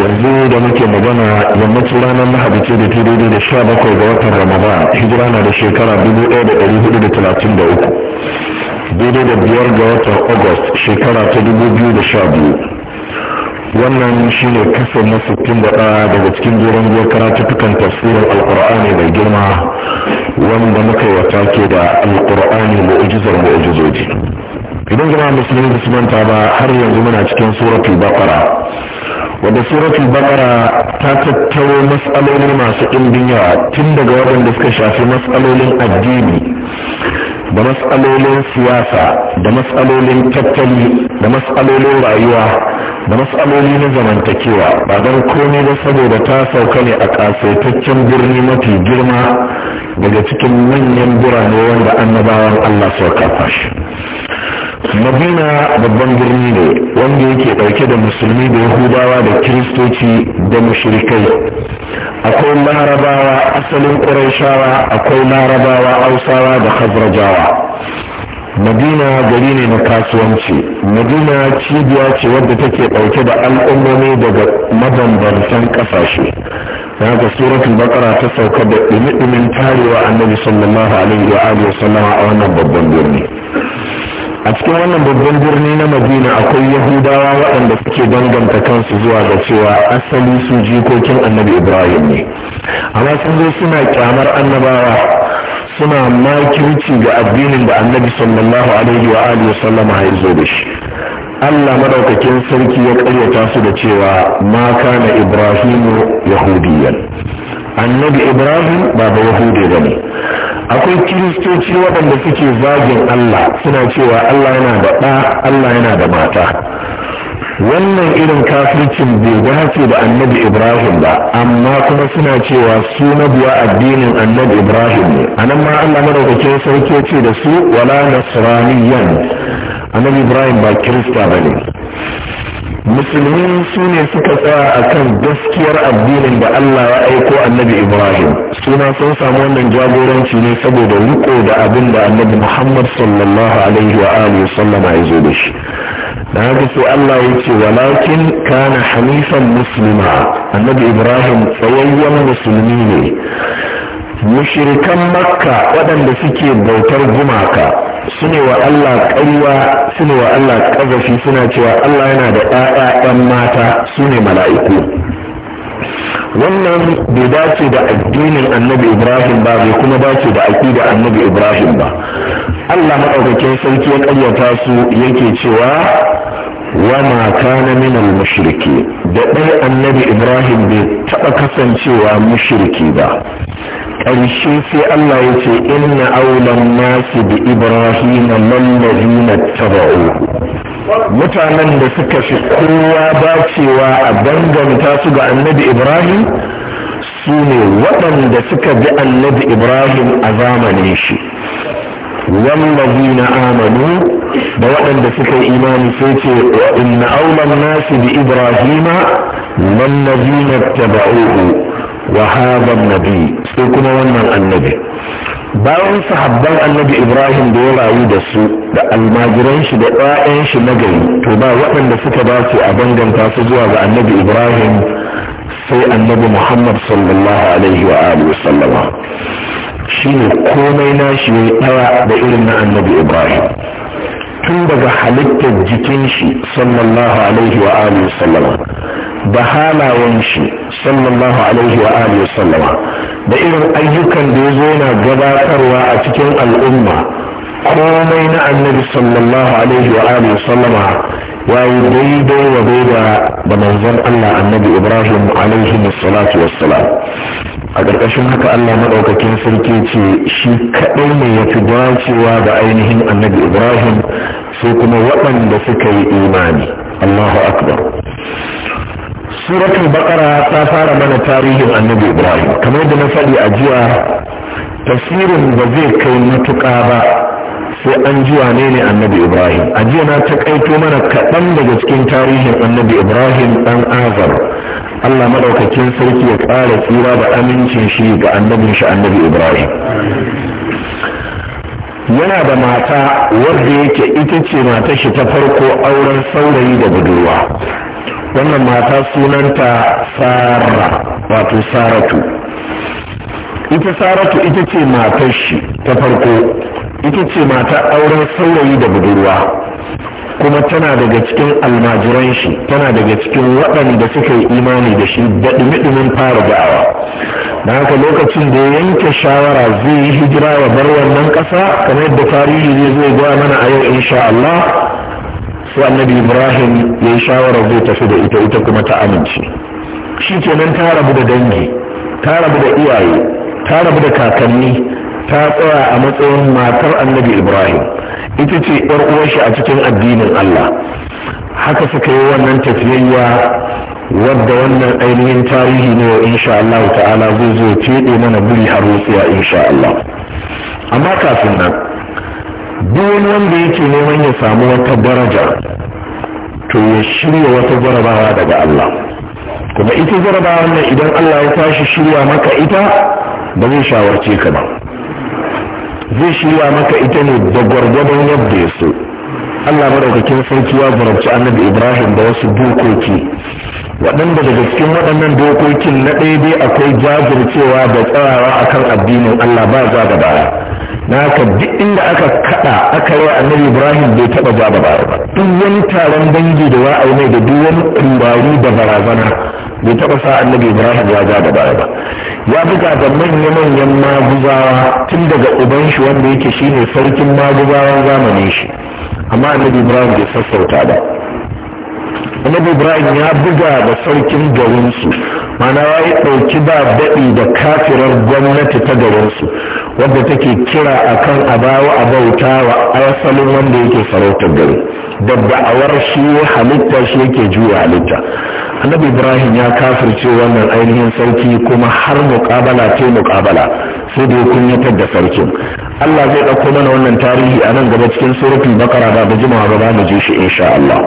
yanzu da muke magana yammacin ranar lahadi ce da ta daidai da sha bakwai ga watan ramadan hijira na da shekara dubu ɗaya da ɗari hudu da talatin da uku daidai da biyar ga watan august shekara ta dubu biyu da sha biyu wannan shine kasar na sittin da ɗaya daga cikin doron biyar karatuttukan tafsirin alƙar'ani mai girma wanda muka yi wata ke da alkur'ani mu'ujizar mu'ujizoji idan jama'a musulmi da su manta ba har yanzu muna cikin suratul baqara wadda suratul bakara ta tattaro matsaloli masu ɗimbin yawa tun daga waɗanda suka shafi matsalolin addini da matsalolin siyasa da matsalolin tattali da matsalolin rayuwa da matsaloli na zamantakewa ba don komai ba saboda ta sauka ne a kasaitaccen birni mafi girma daga cikin manyan birane wanda annabawan allah sauka fashi madina babban birni ne wanda yake dauke da musulmi da yahudawa da kiristoci da mushrikai akwai larabawa asalin ƙuraishawa akwai larabawa hausawa da hazrajawa madina gari ne na kasuwanci madina cibiya ce wadda take dauke da al'ummomi daga mabambantan kasashe na ga suratul bakara ta sauka da ɗumi-ɗumin tarewa annabi sallallahu alaihi wa alihi a wannan babban birni a cikin wannan babban birni na madina akwai yahudawa waɗanda suke danganta kansu zuwa ga cewa asali su jikokin annabi ibrahim ne amma sun zo suna kyamar annabawa suna makirci ga addinin da annabi sallallahu alaihi wa alihi wa sallama ya zo da shi allah madaukakin sarki ya karyata su da cewa ma kana ibrahimu yahudiyan annabi ibrahim ba ba ba ne akwai kiristoci waɗanda suke zagin allah suna cewa allah yana da ɗa allah yana da mata wannan irin kafircin bai dace da annabi ibrahim ba amma kuma suna cewa su mabiya addinin annabi ibrahim ne anan ma allah madaukakin sarki ce da su wala nasraniyan annabi ibrahim ba kirista ba ne musulmi su ne suka tsaya a kan gaskiyar addinin da Allah ya aiko annabi Ibrahim suna sun samu wannan jagoranci ne saboda riko da abin da annabi Muhammad sallallahu alaihi wa alihi sallama ya zo da shi da haka sai Allah ya ce walakin kana hanifan muslima annabi Ibrahim tsayayyen musulmi ne mushirikan makka waɗanda suke bautar gumaka su ne wa Allah ƙarwa su wa Allah ƙazafi suna cewa Allah yana da ɗaya mata su ne mala'iku wannan bai dace da addinin annabi ibrahim ba bai kuma dace da aƙida annabi ibrahim ba Allah maɗaukakin sarki ya ƙaryata su yake cewa wama kana minal mushriki da ɗan annabi ibrahim bai taɓa kasancewa mushriki ba ƙarshe sai allah ya ce inna aulan nasu bi ibrahim lallazina taba'uhu mutanen da suka fi kowa dacewa a danganta su ga annabi ibrahim su ne waɗanda suka bi annabi ibrahim a zamanin shi na amanu da waɗanda suka yi imani sai ce wa inna aulan nasi bi ibrahima man nabiyina tabauhu wa hadha nabi sai kuma wannan annabi bayan sahabban annabi ibrahim da ya rayu da su da almajiran shi da 'ya'yan shi na gari to ba waɗanda suka dace a danganta su zuwa ga annabi ibrahim sai annabi muhammad sallallahu alaihi wa alihi sallama shine komai nashi ya ɗaya da irin na annabi ibrahim tun daga halittar jikin shi sallallahu alaihi wa alihi sallama da halayen shi sallallahu alaihi wa alihi sallama da irin ayyukan da ya zo yana gabatarwa a cikin al'umma komai na annabi sallallahu alaihi wa alihi sallama ya yi daidai wa daida da manzon Allah annabi Ibrahim alaihi salatu wassalam a ƙarƙashin haka Allah maɗaukakin sarki ce shi kaɗai ne ya fi dacewa da ainihin annabi Ibrahim sai kuma waɗanda suka yi imani Allahu akbar suratul baqara ta fara mana tarihin annabi Ibrahim kamar da na faɗi a jiya tasirin ba zai kai matuƙa ba sai an ji ne annabi ibrahim a jiya na takaito mana kaɗan daga cikin tarihin annabi ibrahim ɗan azar allah maɗaukakin sarki ya ƙara tsira da amincin shi ga annabin shi annabi ibrahim yana da mata wadda yake ita ce mata shi ta farko auren saurayi da budurwa wannan mata sunanta sara wato saratu ita saratu ita ce matar shi ta farko ita ce mata auren saurayi da budurwa kuma tana daga cikin almajiran shi tana daga cikin waɗanda suka yi imani da shi da ɗumi fara da'awa da haka lokacin da ya yanke shawara zai yi hijira wa bar wannan ƙasa kamar yadda tarihi ne zai gwa mana a yau insha Allah su annabi Ibrahim ya yi shawara zai tafi da ita ita kuma ta amince shi kenan ta rabu da dangi ta rabu da iyaye ta rabu da kakanni ta tsaya a matsayin matar annabi ibrahim ita ce yar shi a cikin addinin allah haka suka yi wannan tafiyayya wadda wannan ainihin tarihi ne insha Allah ta'ala zai zo teɗe mana buri har wutsiya insha Allah amma kafin nan duk wani wanda yake neman ya samu wata daraja to ya shirya wata jarabawa daga Allah kuma ita jarabawa nan idan Allah ya tashi shirya maka ita ba zai shawarce ka ba zai shirya maka ita ne da gwargwadon yadda ya so Allah madaukakin sarki ya zarabci annabi Ibrahim da wasu dokoki waɗanda daga cikin waɗannan dokokin na ɗaya dai akwai jajircewa da tsayawa akan addinin Allah ba za da baya na haka duk inda aka kada aka yi annabi ibrahim bai taba ja ba ba duk wani taron dangi da za a yi mai da duk wani da barazana bai taba sa annabi ibrahim ya ja da baya ba ya buga da manya-manyan maguzawa tun daga uban shi wanda yake shine sarkin maguzawan zamanin shi amma annabi ibrahim bai sassauta ba annabi ibrahim ya buga da sarkin garinsu mana ya ɗauki ba daɗi da kafirar gwamnati ta garinsu wadda take kira akan a bawa a bauta wa asalin wanda yake sarautar gari da da'awar shi halitta shi yake juya halitta annabi ibrahim ya kafirce wannan ainihin sarki kuma har muƙabala ce muƙabala sai da ya kunyatar da sarkin allah zai ɗauko mana wannan tarihi a nan gaba cikin surufin bakara ba da jimawa ba za mu ji shi insha allah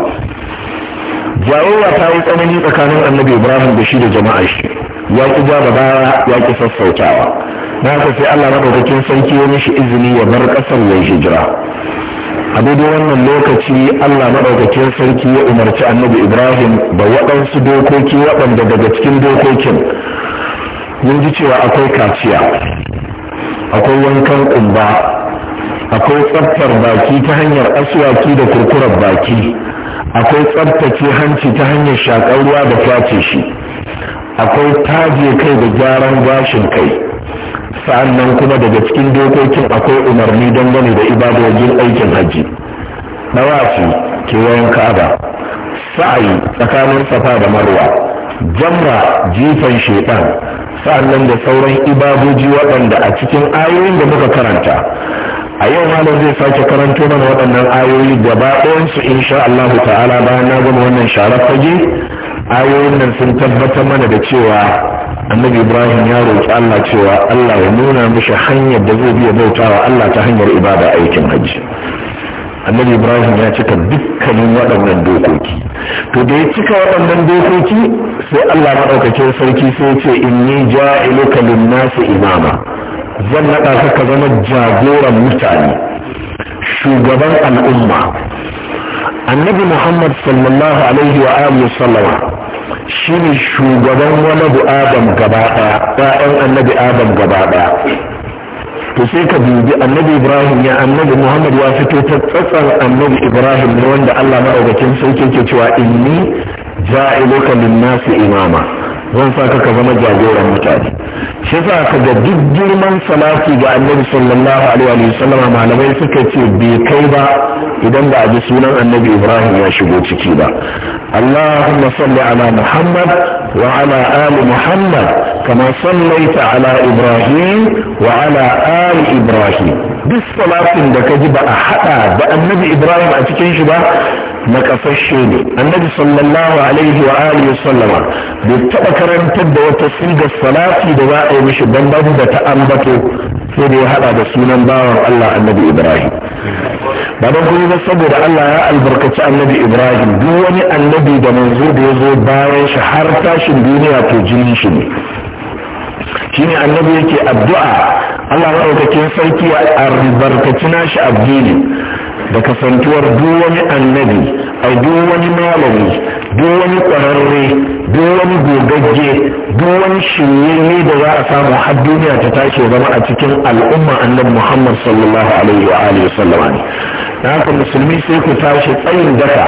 jawowa ta yi tsanani tsakanin annabi ibrahim da shi da jama'a shi ya ki ja baya ya ki sassautawa na haka sai allah maɗaukakin sarki ya mishi izini ya bar ƙasar ya hijira a daidai wannan lokaci allah maɗaukakin sarki ya umarci annabi ibrahim da waɗansu dokoki waɗanda daga cikin dokokin mun ji cewa akwai kaciya akwai wankan ƙumba akwai tsaftar baki ta hanyar aswaki da kurkurar baki akwai tsabtace hanci ta hanyar shakar ruwa da face shi akwai taje kai da gyaran gashin kai sa'annan kuma daga cikin dokokin akwai umarni don gani da ibadojin aikin hajji wasu kewayen ka'aba sa'ayi tsakanin safa da marwa jamra jifan shedan sa'annan da sauran ibadoji waɗanda a cikin ayoyin da muka karanta a yau malam zai sake karanto mana waɗannan ayoyi gaba ɗayansu insha Allah ta'ala bayan na gama wannan sharar fage ayoyin nan sun tabbatar mana da cewa annabi ibrahim ya roƙi Allah cewa Allah ya nuna mishi hanyar da zai biya bautawa Allah ta hanyar ibada aikin hajji annabi ibrahim ya cika dukkanin waɗannan dokoki to da ya cika waɗannan dokoki sai allah maɗaukakin sarki sai ce inni ja'iluka nasu imama zan naɗa ka zama jagoran mutane shugaban al'umma annabi muhammad sallallahu alaihi wa alihi sallama shine shugaban wani adam gaba ɗaya ɗayan annabi adam gaba ɗaya to sai ka dubi annabi ibrahim ya annabi muhammad ya fito ta tsatsar annabi ibrahim ne wanda allah maɗaukakin sarki ke cewa inni ja'iluka lin-nasi imama zan sa ka zama jagoran mutane shi sa ka ga duk girman salati ga annabi sallallahu alaihi wa sallama malamai suka ce bai kai ba idan ba a ji sunan annabi ibrahim ya shigo ciki ba allahumma salli ala muhammad wa ala ali muhammad kama sallaita ala ibrahim wa ala ali ibrahim duk salatin da ka ji ba a hada da annabi ibrahim a cikin shi ba na ne annabi sallallahu alaihi wa alihi sallama bai taba karantar da wata sigar salati da za a yi mishi babu da ta ambato sai da ya hada da sunan bawan Allah annabi Ibrahim ba don kuma ba saboda Allah ya albarkaci annabi Ibrahim duk wani annabi da manzo da ya zo bayan shi har tashin duniya to jinin shi ne shine annabi yake addu'a Allah maɗaukakin sarki a albarkaci nashi abdi da kasantuwar duk wani annabi a duk wani malami duk wani ƙwararre duk wani gogagge duk wani shiryayye da za a samu har duniya ta tashi zama a cikin al'umma annabi muhammad sallallahu alaihi wa alihi sallama ne da haka musulmi sai ku tashi tsayin daka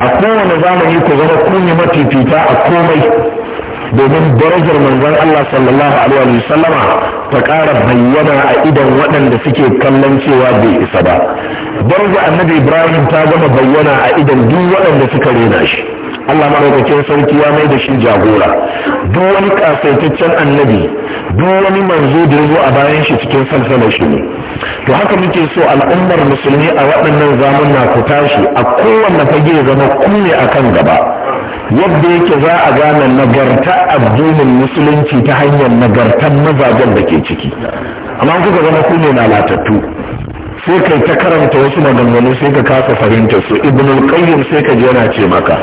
a kowane zamani ku zama kunye mafifita a komai domin darajar manzon Allah sallallahu alaihi ta ƙara bayyana a idan waɗanda suke kallon cewa bai isa ba darajar annabi Ibrahim ta gama bayyana a idan duk waɗanda suka rena shi Allah maɗaukakin sarki ya mai da shi jagora duk wani kasaitaccen annabi duk wani manzo da ya zo a bayan shi cikin salsalar shi ne to haka muke so al'ummar musulmi a waɗannan zamanna ku tashi a kowanne fage zama kunne akan gaba yadda yake za a gane nagarta addinin musulunci ta hanyar nagartar mazajen da ke ciki amma kuka zama ku ne lalatattu sai kai ta karanta wasu maganganu sai ka kasa fahimtar su ibnul qayyim sai ka je yana ce maka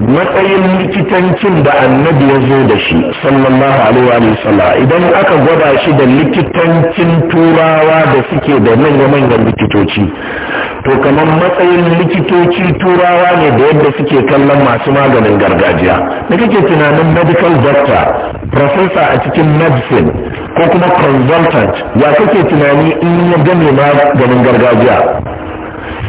matsayin likitancin da annabi ya zo da shi sallallahu alaihi wa sallam idan aka gwada shi da likitancin turawa da suke da manya-manyan likitoci to kamar matsayin likitoci turawa ne da yadda suke kallon masu maganin gargajiya da kake tunanin medical doctor professor a cikin medicine ko kuma consultant ya kake tunani in ya gane maganin gargajiya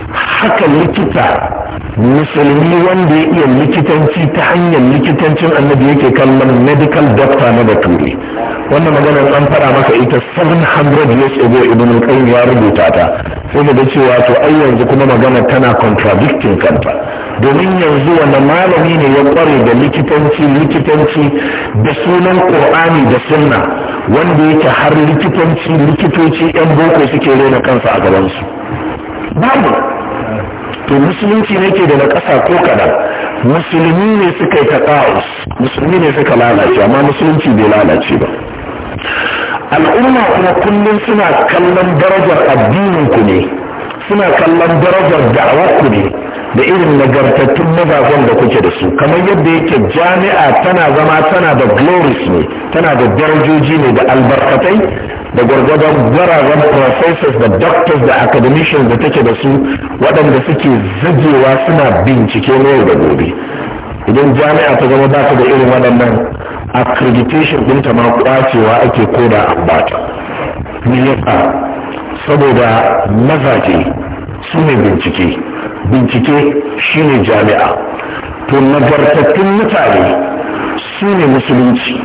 haka likita musulmi wanda ya iya likitanci ta hanyar likitancin annabi yake kallon medical doctor na bature wannan maganar an fara maka ita 700 years ago ibn al ya rubuta ta sai da cewa to ai yanzu kuma magana tana contradicting kanta domin yanzu wanda malami ne ya kware da likitanci likitanci da sunan qur'ani da sunna wanda yake har likitanci likitoci yan boko suke rena kansa a gaban su babu to musulunci ne ke da na ƙasa ko kaɗan musulmi ne suka yi taƙa'us musulmi ne suka lalace amma musulunci bai lalace ba al'umma kuma kullum suna kallon darajar addinin ne suna kallon darajar da'awar ne da irin nagartattun mazajen da kuke da su kamar yadda yake jami'a tana zama tana da glories ne tana da darajoji ne da albarkatai da gwargwadon gwararren professors da doctors da academicians da take da su waɗanda suke zagewa suna bincike yau da gobe idan jami'a ta zama ba da irin waɗannan accreditation ɗinta ma kwacewa ake koda ambata me yasa saboda mazaje su ne bincike bincike shi ne jami'a to nagartattun mutane su ne musulunci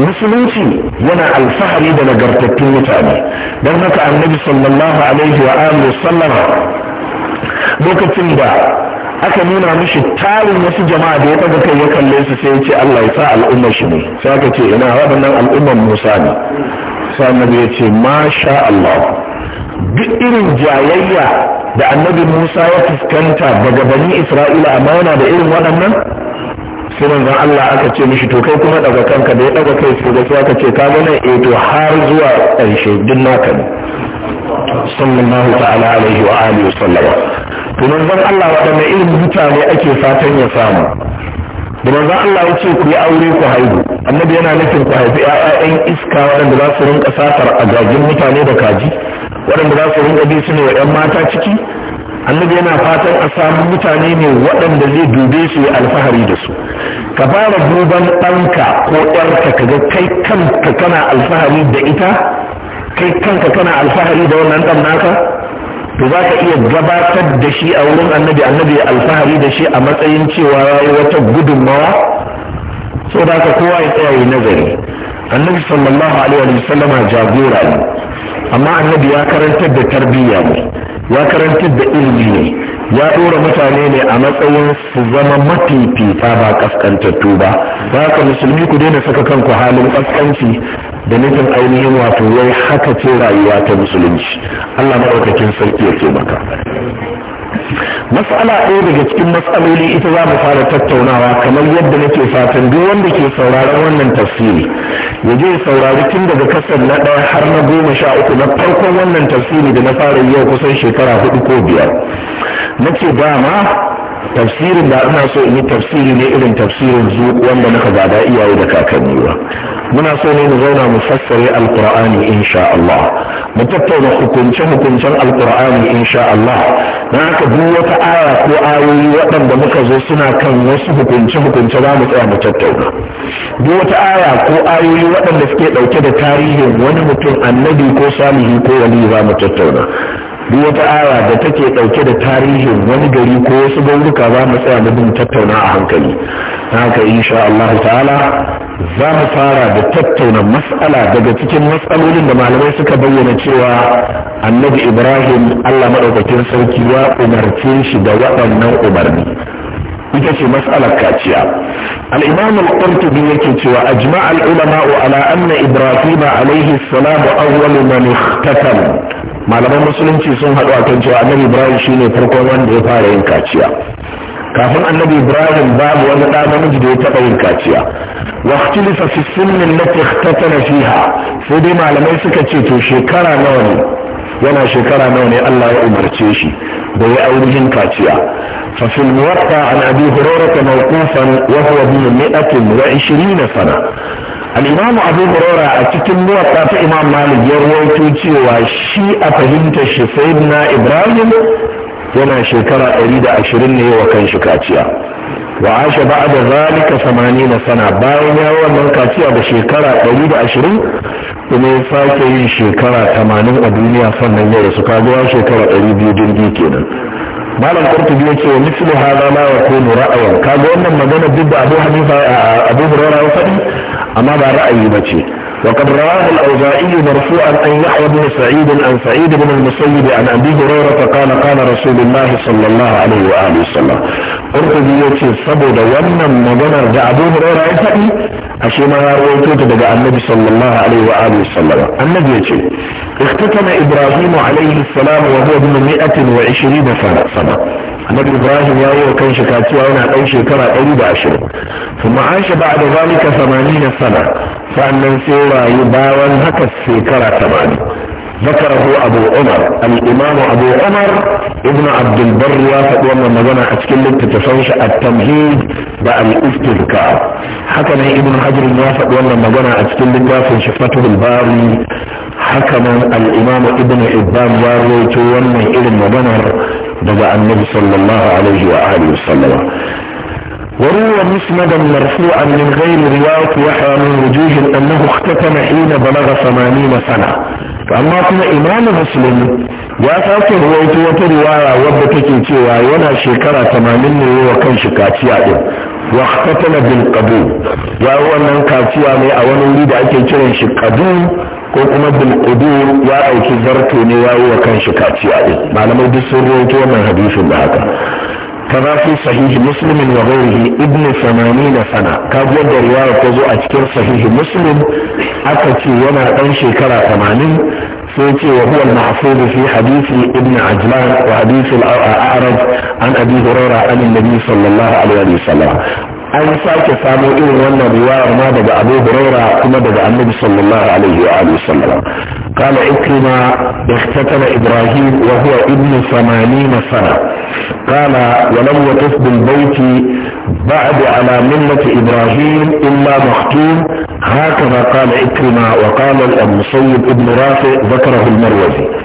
musulunci yana alfahari da nagartattun mutane don haka annabi sallallahu alaihi wa alihi sallama lokacin da aka nuna mishi tarin wasu jama'a da ya taga kai ya kalle su sai ya ce Allah ya sa al'ummar shi ne sai aka ce ina waɗannan al'ummar Musa ne sai annabi ya ce masha Allah duk irin jayayya da annabi musa ya fuskanta daga bani isra'ila amma yana da irin waɗannan sai manzon allah aka ce mishi to kai kuma daga kanka da ya daga kai sai da sai aka ce ka gane eh to har zuwa ƙarshe duk naka ne sallallahu ta'ala alaihi wa alihi sallama to zan allah waɗannan irin mutane ake fatan ya samu da manzo allah ya ce ku yi aure ku haihu annabi yana nufin ku haifi 'ya'ya'yan iska waɗanda za su rinka satar agajin mutane da kaji waɗanda za su rinka bi su ne wa 'yan mata ciki annabi yana fatan a samu mutane ne waɗanda zai dube su ya alfahari da su ka fara duban ɗanka ko ɗanka ka ga kai kanka kana alfahari da ita kai kanka kana alfahari da wannan ɗan naka to za ka iya gabatar da shi a wurin annabi annabi alfahari da shi a matsayin cewa ya yi wata gudunmawa so da ka kowa ya tsaya yi nazari annabi sallallahu alaihi wa sallama jagora ne amma annabi ya karantar da tarbiyya ne ya karantar da ilimi ne ya dora mutane ne a matsayin su zama mafifita ba kaskantattu ba ba ka musulmi ku daina saka kanku halin kaskanci da nufin ainihin wato wai haka ce rayuwa ta musulunci allah maɗaukakin sarki ya taimaka matsala ɗaya daga cikin matsaloli ita za mu fara tattaunawa kamar yadda nake fatan duk wanda ke sauraron wannan tafsiri ya je saurari tun daga kasar na ɗaya har na goma sha uku na farkon wannan tafsiri da na fara yau kusan shekara hudu ko biyar na ce dama tafsirin da ina so in yi tafsiri ne irin tafsirin zu wanda muka gada iyaye da kakanni ba muna so ne mu zauna mu fassare alqur'ani insha Allah mu tattauna hukunce hukuncen alqur'ani insha Allah na haka duk wata aya ko ayoyi waɗanda muka zo suna kan wasu hukunce hukunce za mu tsaya mu tattauna duk wata aya ko ayoyi waɗanda suke ɗauke da tarihin wani mutum annabi ko salihi ko wali za mu tattauna duk wata aya da take ɗauke da tarihin wani gari ko wasu gauruka za mu tsaya mu tattauna a hankali haka insha Allah ta'ala za mu fara da tattauna mas'ala daga cikin matsalolin da malamai suka bayyana cewa annabi Ibrahim Allah madaukakin sarki ya umarce shi da waɗannan umarni ita ce mas'alar kaciya al-imam al-qurtubi yake cewa ajma' al-ulama ala anna ibrahim alayhi salam awwal man malaman musulunci sun haɗu kan cewa annabi ibrahim shine farkon wanda ya fara yin kaciya kafin annabi ibrahim babu wani ɗa namiji da ya taɓa yin kaciya واختلف في السن sai dai malamai suka ce to shekara nawa ne. yana shekara nawa ne Allah ya umarce shi da ya ainihin kaciya fa fil muwatta an abi hurairah mawqufan wa huwa bi 120 sana al-imam abu hurairah a cikin muwatta ta imam malik ya rawaito cewa shi a fahimtar shi sayyidina ibrahim yana shekara 120 ne wa kan shi kaciya wa asha da zalika na sana bayan ya wannan kaciya da shekara 120 kuma ya sake yin shekara 80 a duniya sannan ya rasu kaga ya shekara 200 jirgi kenan malam kurtubi yace wa mislu hada la yakunu ra'ayan kaga wannan magana duk da Abu Hanifa Abu Hurairah ya faɗi amma ba ra'ayi bace وقد رواه الاوزاعي مرفوعا أن يحيى بن سعيد عن سعيد بن المسيب عن أبي هريرة قال قال رسول الله صلى الله عليه وآله وسلم قلت لي يوتي الصبر مغنر دا أبو هريرة يفعي أشيما رويتوت دا النبي صلى الله عليه وآله وسلم النبي يوتي اختتم إبراهيم عليه السلام وهو ابن 120 سنة annabi إبراهيم يا أيها كان kanshi kaciya أي شيء shekara أي باشر ثم عاش بعد ذلك ثمانين سنة zalika samani يباوى sana sannan sai rayu ذكره أبو عمر الإمام أبو عمر ابن عبد البر وافد وما مزنا أتكلم تتفنش التمهيد بالاستذكار حكما ابن حجر وافد وما مزنا أتكلم في شفته الباري حكما الإمام ابن إبان واريت وما إلى مزنا daga النبي صلى الله عليه وآله وسلم وروى مسندا مرفوعا من غير رواية يحيى من وجوه انه اختتم حين بلغ ثمانين سنة فاما كما امام مسلم ya sake ruwaito wata riwaya wadda take cewa yana shekara tamanin ne wa kan shi kaciya din wa qatala bil qadu ya wannan kaciya ne a wani wuri da ake kiran shi qadu ko kuma bil qadu ya dauki zarto ne ya yi wa kan shi kaciya din malamai duk sun ruwaito wannan hadisin da haka كما في صحيح مسلم وغيره ابن ثمانين سنة كاد يبدأ رواية cikin أتكير صحيح Aka أكتي yana أنشي shekara ثمانين سيتي وهو المعصوب في حديث ابن عجلان وحديث الأعرج عن أبي هريرة عن النبي صلى الله عليه وسلم an sake samo irin wannan riwayar ma daga abu huraira kuma daga annabi sallallahu alaihi wa alihi sallam قال إكرمة اختتم إبراهيم وهو ابن ثمانين سنة قال ولم يقف بالبيت بعد على ملة إبراهيم إلا مختوم هكذا قال إكرمة وقال المصيب ابن رافع ذكره المروزي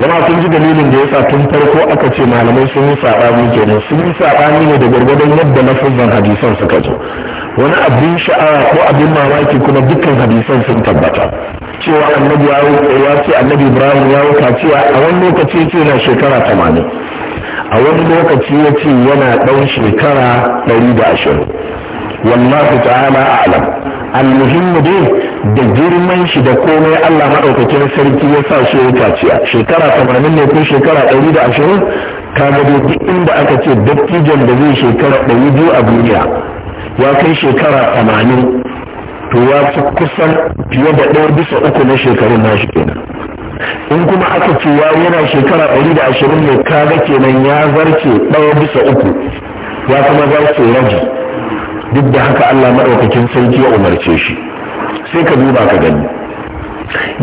jama'a sun ji dalilin da ya sa tun farko aka ce malamai sun yi saɓani kenan sun yi saɓani ne da gwargwadon yadda lafazan hadisan suka ji wani abin sha'awa ko abin mamaki kuma dukkan hadisan sun tabbata cewa annabi ya ce annabi ibrahim ya wuka cewa a wani lokaci ce na shekara tamanin a wani lokaci ya ce yana ɗan shekara ɗari da ashirin wallahu ta'ala a'lam al-muhimmu dai da girman shi da komai Allah maɗaukakin sarki ya sa shi ya kaciya shekara tamanin ne ko shekara ɗari da ashirin ka gado duk inda aka ce dattijan da zai shekara ɗari biyu a duniya ya kai shekara tamanin to ya fi kusan fiye da ɗaya bisa uku na shekarun shi kenan in kuma aka ce ya yana shekara ɗari da ashirin ne ga kenan ya zarce ɗaya bisa uku ya kuma zarce raji duk da haka Allah maɗaukakin sarki ya umarce shi sai ka duba ka gani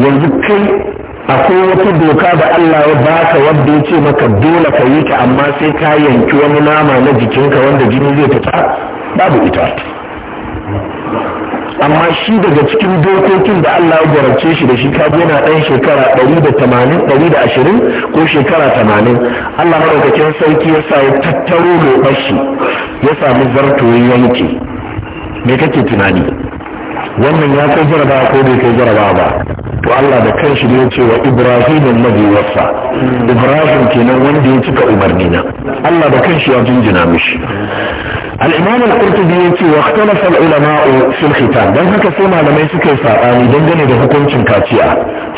yanzu kai akwai wata doka da Allah ya baka wanda ya ce maka dole ka yi ta amma sai ka yanki wani nama na jikinka wanda jini zai fita babu ita amma shi daga cikin dokokin da Allah ya gwarance shi da shi ka yana ɗan shekara 180 ko shekara 80 Allah maɗaukakin sarki ya sa ya tattaro mai shi ya samu zarto yanke me kake tunani wannan ya kai jaraba ko bai kai jaraba ba to Allah da kanshi ne ce wa Ibrahim annabi wasa Ibrahim kenan wanda ya cika umarni na Allah da kanshi ya jinjina mishi al-Imam al-Qurtubi ya ce wa ikhtalafa al-ulama'u fil khitan dan haka sai malamai suka yi sabani dangane da hukuncin kaciya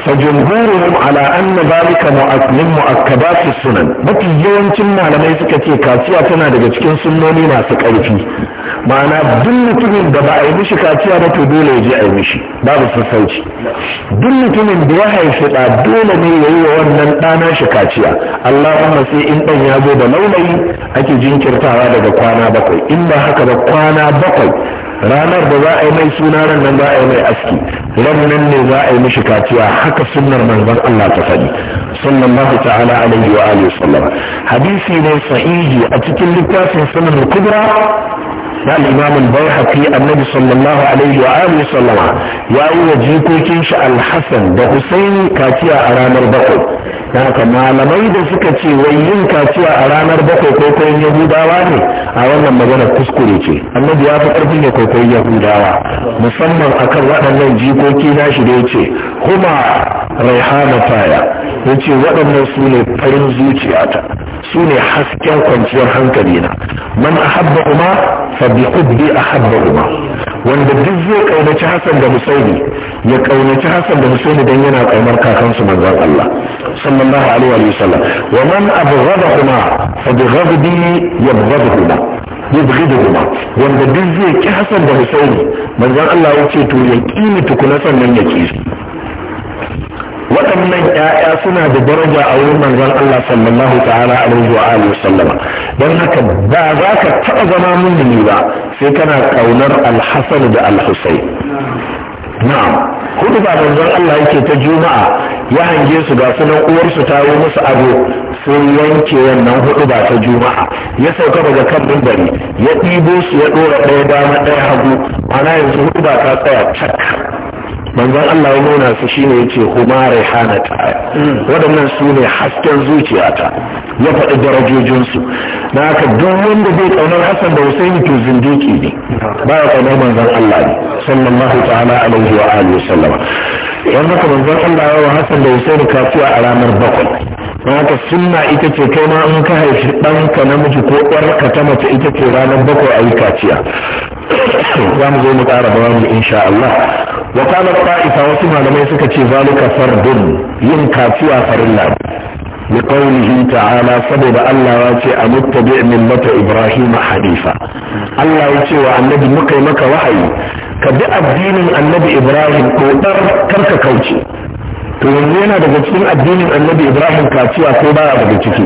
fa jumhuruhum ala anna zalika mu'akmin mu'akkabat sunan mafi yawancin malamai suka ce kaciya tana daga cikin sunnoni masu ƙarfi ma'ana duk mutumin da ba a yi mishi kaciya ba to dole ya je a yi mishi babu sassauci duk mutumin da ya haifi ɗa dole ne ya yi wa wannan ɗana shi kaciya allahumma sai in ɗan ya zo da laulayi ake jinkirtawa daga kwana bakwai in ba haka ba kwana bakwai ranar da za a yi mai suna ran nan za a yi mai aski ran nan ne za a yi mishi kaciya haka sunnar manzon Allah ta faɗi sallallahu ta'ala alaihi wa alihi wasallam hadisi ne sahihi a cikin littafin sunan kubra قال الإمام البيحقي النبي صلى الله عليه واله وسلم يا ايها الجيكوكي الحسن ده حسيني كاتيا ارامر بكر ta haka malamai da suka ce wai yin kaciya a ranar bakwai kwaikwayon yahudawa ne a wannan magana kuskure ce annabi ya fi karfin ya kwaikwayon yahudawa musamman akan waɗannan jikoki na shi da ya ce kuma raihana taya ya ce waɗannan su ne farin zuciyata su ne hasken kwanciyar hankali na man ahabba kuma fa bi a ahabba kuma wanda duk zai kaunaci hasan da musaini ya kaunaci hasan da musaini don yana kaumar kakansu manzon Allah صلى الله عليه وسلم ومن ابغضهما فبغضبه يبغضهما يبغضهما وان بذي كحسن ده حسين من ذا الله يكي تو يكيني تكون حسن من يكيس وكم من يا سنا بدرجة أول من ذا الله صلى الله تعالى عليه وآله وسلم لأنك بعضاك تأذى ما من يبع سيكنا كونر الحسن بالحسين na'am hudu ba manzon Allah yake ta juma'a ya hange su ga sunan uwarsu ta yi musu abu sun yanke wannan hudu ba ta juma'a ya sauka daga kan mimbari ya ɗibo su ya ɗora ɗaya dama ɗaya hagu ana yanzu hudu ba ta tsaya cak manzon Allah ya nuna su shine yace huma rihanata hmm. waɗannan su ne hasken zuciyata ya faɗi darajojin su na haka duk wanda bai kaunar hasan da Husaini to zindiki ne ba ya kaunar manzon Allah ne sallallahu ta'ala alaihi wa alihi sallama yan haka manzon Allah ya wa hasan da Husaini kafiya a ranar bakwai na haka sunna ita ce kai ma in ka haifi ɗanka namiji ko ɗanka ta mace ita ce ranar bakwai a yi kaciya za mu zo mu ƙara bayani insha Allah wa ta'isa wasu malamai suka ce zalika fardun yin kaciya farilla bi qawlihi ta'ala saboda Allah ya ce a muttabi mata ibrahim hanifa Allah ya ce wa annabi muka yi maka wahayi ka bi addinin annabi ibrahim ko dar karka kauce to yanzu yana daga cikin addinin annabi ibrahim kaciya ko baya daga ciki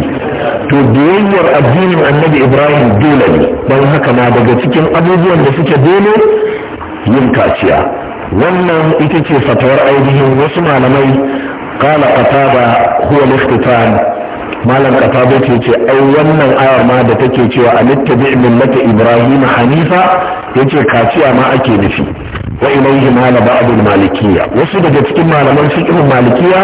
to biyayyar addinin annabi ibrahim dole ne don haka na daga cikin abubuwan da suke dole yin kaciya wannan ita ce fatawar ainihin wasu malamai قال قتادة هو الاختتام malam kafa ce ce ai wannan ayar ma da take cewa alittabi millata ibrahim hanifa yace kaciya ma ake nufi wa ilaihi mala ba'dul malikiyya wasu daga cikin malaman fiqh malikiyya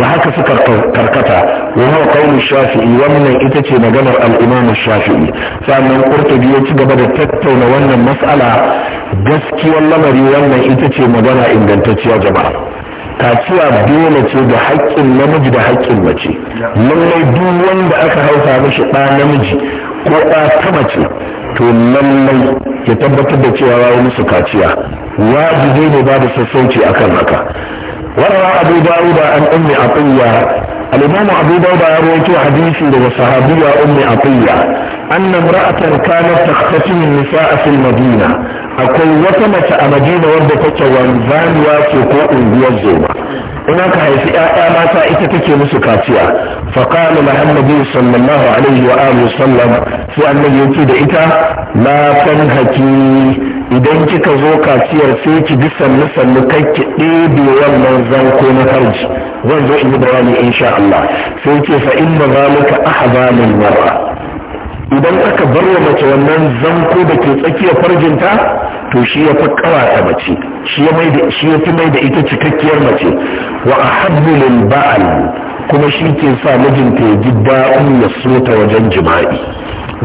ga haka suka karkata wa huwa qawl shafi'i wannan ita ce maganar al-imam shafi'i sannan qurtubi ya ci gaba da tattauna wannan mas'ala gaskiyar lamari wannan ita ce magana ingantacciya jama'a kaciya dole ce da haƙƙin namiji da haƙƙin mace lallai duk wanda aka haifa mishi ɗa namiji ko ɗa ta mace to lallai ya tabbatar da cewa ya musu kaciya wajibi ne ba da sassauci akan haka وروى أبو داود عن أم عطية الإمام أبو داود يروي حديثي لصحابية أم عطية أن امرأة كانت تختتم النساء في المدينة أقول وتمت أمدينة وردتك وانزانيا سوق الزوبة هناك حيث ما سائتك مسكاتيا فقال لها النبي صلى الله عليه وآله وسلم في أن يكيد إتا لا تنهكي idan kika zo kaciyar sai ki bi sannu sannu kai ki ɗebe wannan zanko na farji zan zo in yi bayani insha Allah sai ce fa inna zalika ahzanul mar'a idan aka bar wa mace wannan zanko da ke tsakiyar farjinta to shi ya fi ƙawata mace shi ya maida shi ya fi maida ita cikakkiyar mace wa ahabbu lil ba'al kuma shi ke sa mijinta ya ji daɗin ya so ta wajen jima'i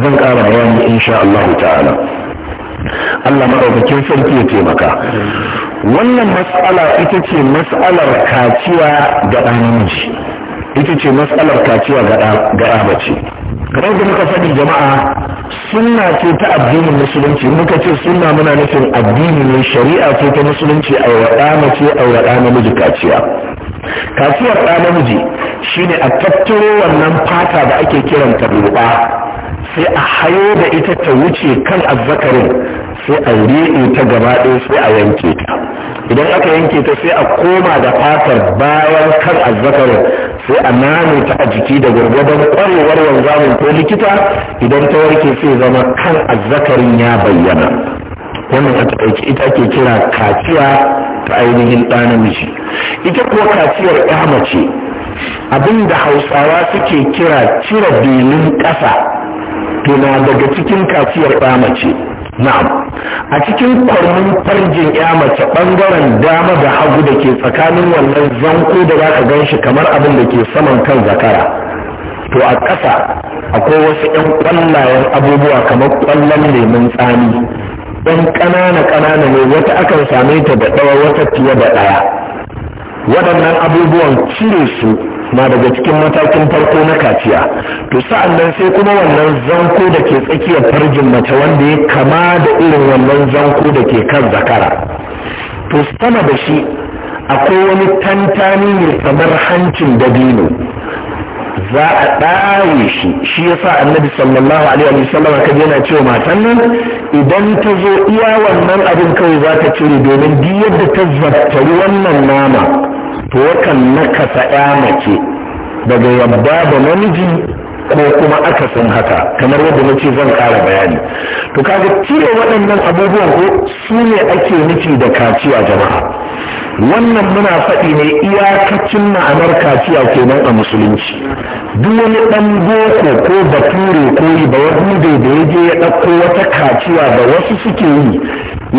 zan ƙara bayani insha Allah ta'ala Allah maɗaukakin sarki ya taimaka wannan matsala ita ce matsalar kaciya ga ɗan namiji ita ce matsalar kaciya ga ɗa mace kamar da muka faɗi jama'a sunna ce ta addinin musulunci muka ce sunna muna nufin addini ne shari'a ce ta musulunci a wa ɗa mace a ɗa namiji kaciya kaciyar ɗa namiji shine a tattaro wannan fata da ake kiranta ruɓa sai a hayo da ita ta wuce kan azzakarin sai a riɗe ta gaba ɗaya sai a yanke ta idan aka yanke ta sai a koma da fatar bayan kan azzakarin sai a nane ta a jiki da gwargwadon kwarewar wanzamin ko likita idan ta warke sai zama kan azzakarin ya bayyana wannan a taƙaice ita ke kira kaciya ta ainihin ɗa namiji ita kuwa kaciyar ya mace abin hausawa suke kira cire belin ƙasa to na daga cikin kaciyar ɗa mace na'am a cikin kwarmin farjin ya mace ɓangaren dama da hagu da ke tsakanin wannan zanko da za ka gan shi kamar abin da ke saman kan zakara to a ƙasa akwai wasu 'yan ƙwallayen abubuwa kamar ƙwallon lemun tsami ɗan ƙanana ƙanana ne wata akan same ta da ɗawa wata fiye da ɗaya waɗannan abubuwan cire su na daga cikin matakin farko na kaciya to sa'an nan sai kuma wannan zanko da ke tsakiyar farjin mace wanda ya kama da irin wannan zanko da ke kan zakara to sama da shi akwai wani tantani ne kamar hancin dabino za a ɗaye shi shi ya sa annabi sallallahu alaihi wa sallam kaje yana cewa matan nan idan ta zo iya wannan abin kawai za ta cire domin duk yadda ta zaftari wannan nama to wakan nakasa ya mace daga yabba da namiji ko kuma akasin haka kamar yadda na ce zan kara bayani to kaga cire waɗannan abubuwan ko su ne ake nufi da kaciya jama'a wannan muna faɗi ne iyakacin ma'anar kaciya kenan a musulunci duk wani ɗan boko ko bature ko yi ba wani da ya je ya ɗauko wata kaciya da wasu suke yi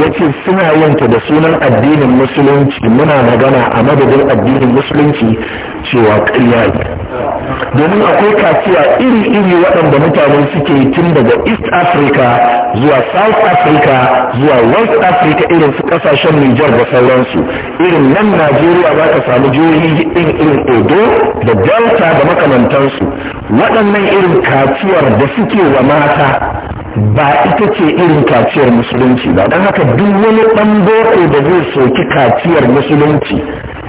ya ce suna yanta da sunan addinin musulunci muna magana a madadin addinin musulunci cewa kariya ne domin akwai kaciya iri-iri waɗanda mutane suke yi tun daga east africa zuwa south africa zuwa west africa irin su ƙasashen nijar da sauransu su irin nan najeriya za ka samu jihohi irin irin odo da delta da makamantansu waɗannan irin kaciyar da suke wa mata ba ita ce irin kaciyar musulunci ba don haka duk wani ɗan boko da zai soki kaciyar musulunci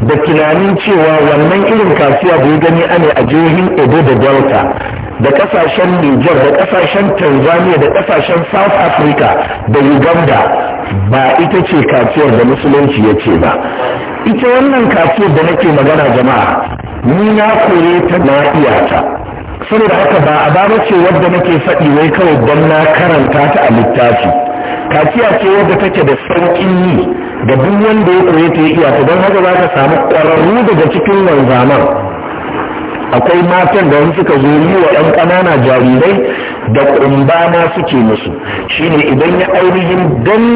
da tunanin cewa wannan irin kasuwa da ya gani ane a jihohin edo da delta da kasashen niger da kasashen tanzania da kasashen south africa da uganda ba ita ce kasuwar da musulunci ya ce ba ita wannan kasuwar da nake magana jama'a ni na kore ta na iyata saboda haka ba a dama ce wadda nake faɗi wai kawai don na karanta ta a littafi kaciya ce wadda take da sauƙin yi da duk wanda ya koye ta ya iya ta don haka za ka samu ƙwararru daga cikin wanzaman akwai matan da wani suka zo yi wa 'yan ƙanana jarirai da kumbana suke musu shine idan ya ainihin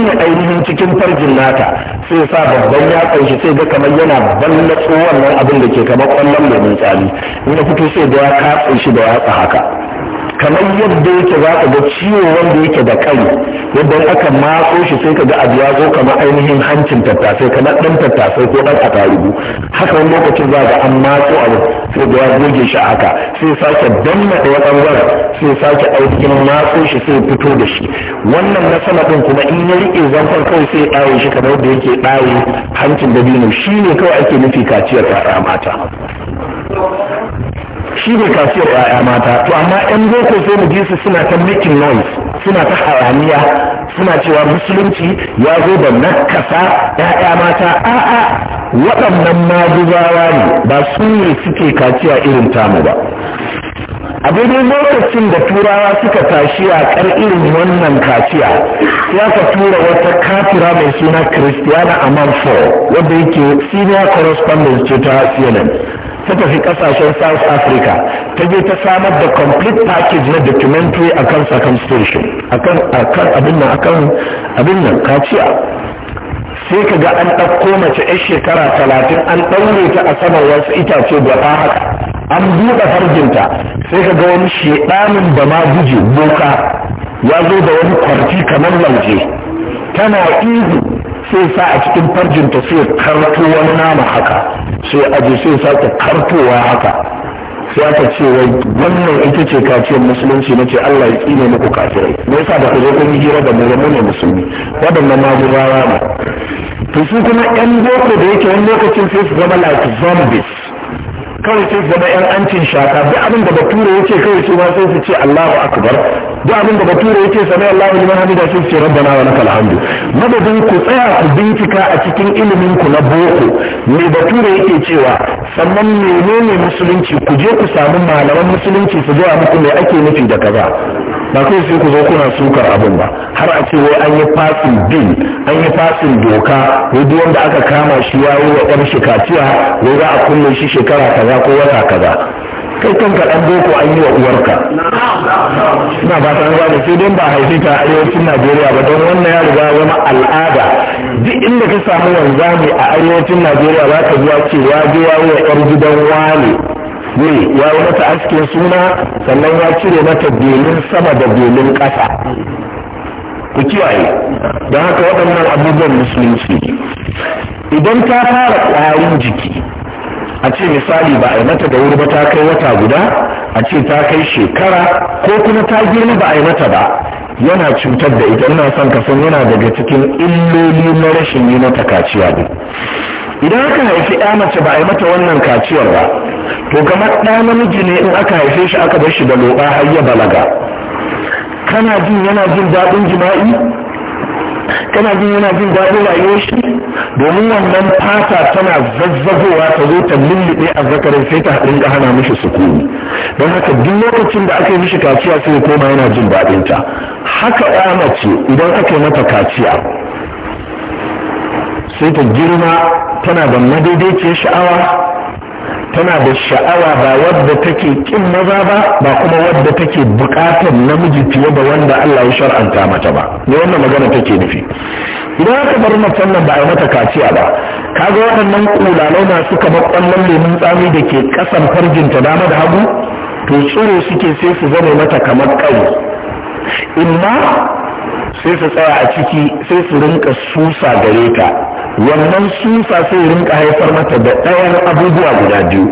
ya ainihin cikin farjin nata sai sa babban yatsan shi sai ga kamar yana ballatso wannan abin da ke kamar kwallon mai tsami ina ya fito sai da ya shi da watsa haka kamar yadda yake za ka ga ciwo wanda yake da kai yadda aka matso shi sai ka ga abu ya zo kamar ainihin hancin tattasai kamar ɗan tattasai ko ɗan atarugu haka wani lokacin za ga an matso abu sai ga ya goge shi haka sai sake danna da ɓangaren sai sake aikin matso shi sai fito da shi wannan na sama ɗin kuma in ya riƙe zanfan kawai sai ɗaye shi kamar yadda yake ɗaye hancin dabino shi ne kawai ake nufi kaciyar ta mata shi ne kasuwar ya'ya mata to amma yan boko sai mu ji su suna ta making noise suna ta hayaniya suna cewa musulunci ya zo da nakasa ya'ya mata a'a waɗannan majizawa ne ba su ne suke kaciya irin tamu ba a daidai lokacin da turawa suka tashi a kar irin wannan kaciya ya ka tura wata kafira mai suna christiana amalfo wadda yake senior correspondent ce ta cnn ta tafi kasashen south africa ta je ta samar da complete package na documentary akan circumstation akan akan abin nan akan abin kaciya sai ka ga an ɗauko mace yan shekara talatin an ɗaure ta a saman wasu itace da haka an buɗe harginta. sai ka ga wani shedanin da ma guje boka ya zo da wani kwarti kamar lauje tana ihu sai sa a cikin farjinta sai karto wani nama haka sai aje sai sake kartowa haka sai aka ce wai wannan ita ce kaciyar musulunci na ce Allah ya tsine muku kafirai me yasa da ku kun hira da mu mu ne musulmi waɗannan maguzawa ne to su kuma yan boko da yake wani lokacin sai su zama like zombies kawai sai zama yan ancin shaka duk abin da bature yake kawai su ma sai su ce Allahu akbar duk abin da bature yake sami Allahu liman hamida sai su ce rabbana wa lakal hamdu madadin ku tsaya ku bincika a cikin ilimin ku na boko me bature yake cewa sannan menene musulunci ku je ku samu malaman musulunci su gaya muku me ake nufi da kaza ba kai sai ku zo kuna sukar abin ba har a ce wai an yi fasin bil an yi fasin doka wai duk wanda aka kama shi yayi wa ɗan shekaciya wai za a kulle shi shekara kaza kaza ko wata kaza kai kanka dan boko an yi wa uwarka ina ba ta gane sai dai ba haife ta a arewacin Najeriya ba don wannan ya riga zama al'ada duk inda ka samu wanzami a arewacin Najeriya za ka zuwa ce ya je ya yi gidan wani ne ya yi mata askin suna sannan ya cire mata belin sama da belin ƙasa ku kiyaye don haka waɗannan abubuwan musulunci idan ta fara ƙwarin jiki a ce misali ba a yi mata da wuri ba ta kai wata guda a ce ta kai shekara ko kuma ta girma ba a yi mata ba yana cutar da ita ina son kasan yana daga cikin illoli na rashin yi mata kaciya ne idan aka haifi ya mace ba a yi mata wannan kaciyar ba to kamar ɗa namiji ne in aka haife shi aka bar shi da loɓa har ya balaga kana jin yana jin daɗin jima'i kana jin yana jin daɗin rayuwar shi domin wannan fata tana zazzagowa ta zo ta lullube a zakarin sai ta haɗin hana mishi sukuni don haka duk lokacin da aka yi mishi kaciya sai koma yana jin daɗin ta haka ya ce idan aka yi mata kaciya sai ta girma tana da madaidaiciyar sha'awa tana da sha'awa ba wadda take kin maza ba ba kuma wadda take bukatar namiji fiye da wanda Allah ya shar'anta mata ba ne wannan magana take nufi idan aka bar macen nan ba a mata kaciya ba kaga waɗannan kulalai masu kamar kwallon lemun tsami da ke kasan farjinta dama da hagu to tsoro suke sai su zama mata kamar kai imma sai su tsaya a ciki sai su rinka susa gare ta wannan susa sai rinka haifar mata da ɗayan abubuwa guda biyu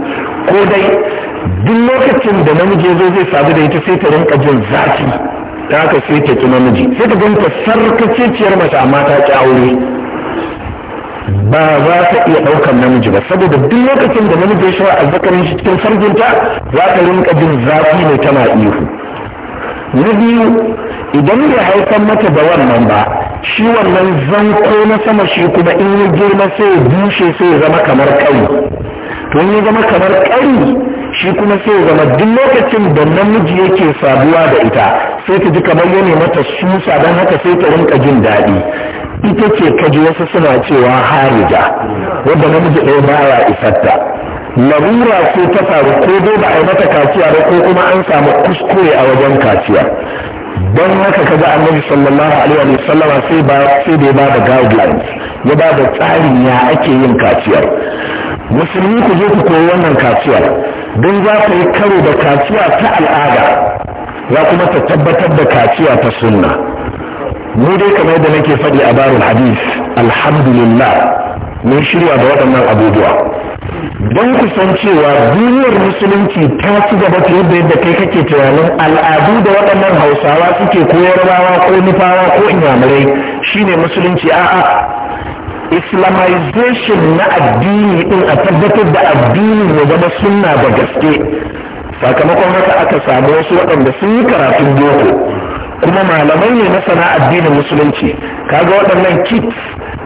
ko dai duk lokacin da namiji zo zai sabu da ita sai ta rinka jin zafi ta haka sai ta ki namiji sai ta ganta sarkaceciyar mace amma ta ki aure ba za ta iya ɗaukar namiji ba saboda duk lokacin da namiji ya shawar azzakarin shi cikin farjinta za ta rinka jin zafi ne tana ihu na biyu idan ya haifar mata da wannan ba shi wannan zanko na sama shi kuma in ya girma sai ya bushe sai ya zama kamar kai to in ya zama kamar kai shi kuma sai ya zama duk lokacin da namiji yake sabuwa da ita sai ta ji kamar yana mata susa don haka sai ta rinka jin daɗi ita ce kaji wasu suna cewa harija wadda namiji ɗaya baya isarta larura ko ta faru ko dai ba a yi mata kaciya ba ko kuma an samu kuskure a wajen kaciya don haka kaga annabi sallallahu alaihi wa sallama sai ba sai da ya ba da guidelines ya ba da tsarin ya ake yin kaciyar musulmi ku zo ku koyi wannan kaciyar don za ta yi karo da kaciya ta al'ada za kuma ta tabbatar da kaciya ta sunna mu dai kamar yadda nake faɗi a barul hadis alhamdulillah mun shirya da waɗannan abubuwa don kusan cewa duniyar musulunci ta ci gaba ta da yadda kai kake tunanin al'adu da waɗannan hausawa suke koyarwa ko nufawa ko inyamurai shine musulunci a'a islamization na addini din a tabbatar da addini ya zama sunna da gaske sakamakon haka aka samu wasu waɗanda sun yi karatun boko kuma malamai ne na sana'ar addinin musulunci kaga waɗannan kits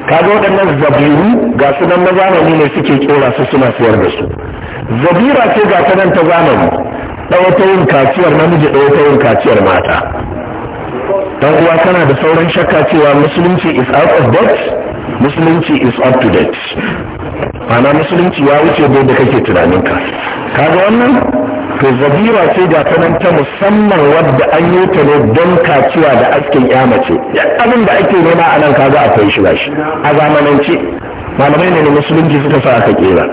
Ka kaga waɗannan zabiru ga su nan na zamani ne suke kera su suna siyar da su zabira ce ga ta nan ta zamani ɗaya ta yin kaciyar namiji ɗaya ta yin kaciyar mata dan uwa kana da sauran shakka cewa musulunci is out of date musulunci is up to date ana musulunci ya wuce bai da kake tunaninka kaga wannan to zabira ce ga nan ta musamman wadda an yi ta ne don kaciwa da askin yamace abin da ake nema a nan kaga akwai shi ba shi a zamanance malamai ne musulunci suka sa aka kera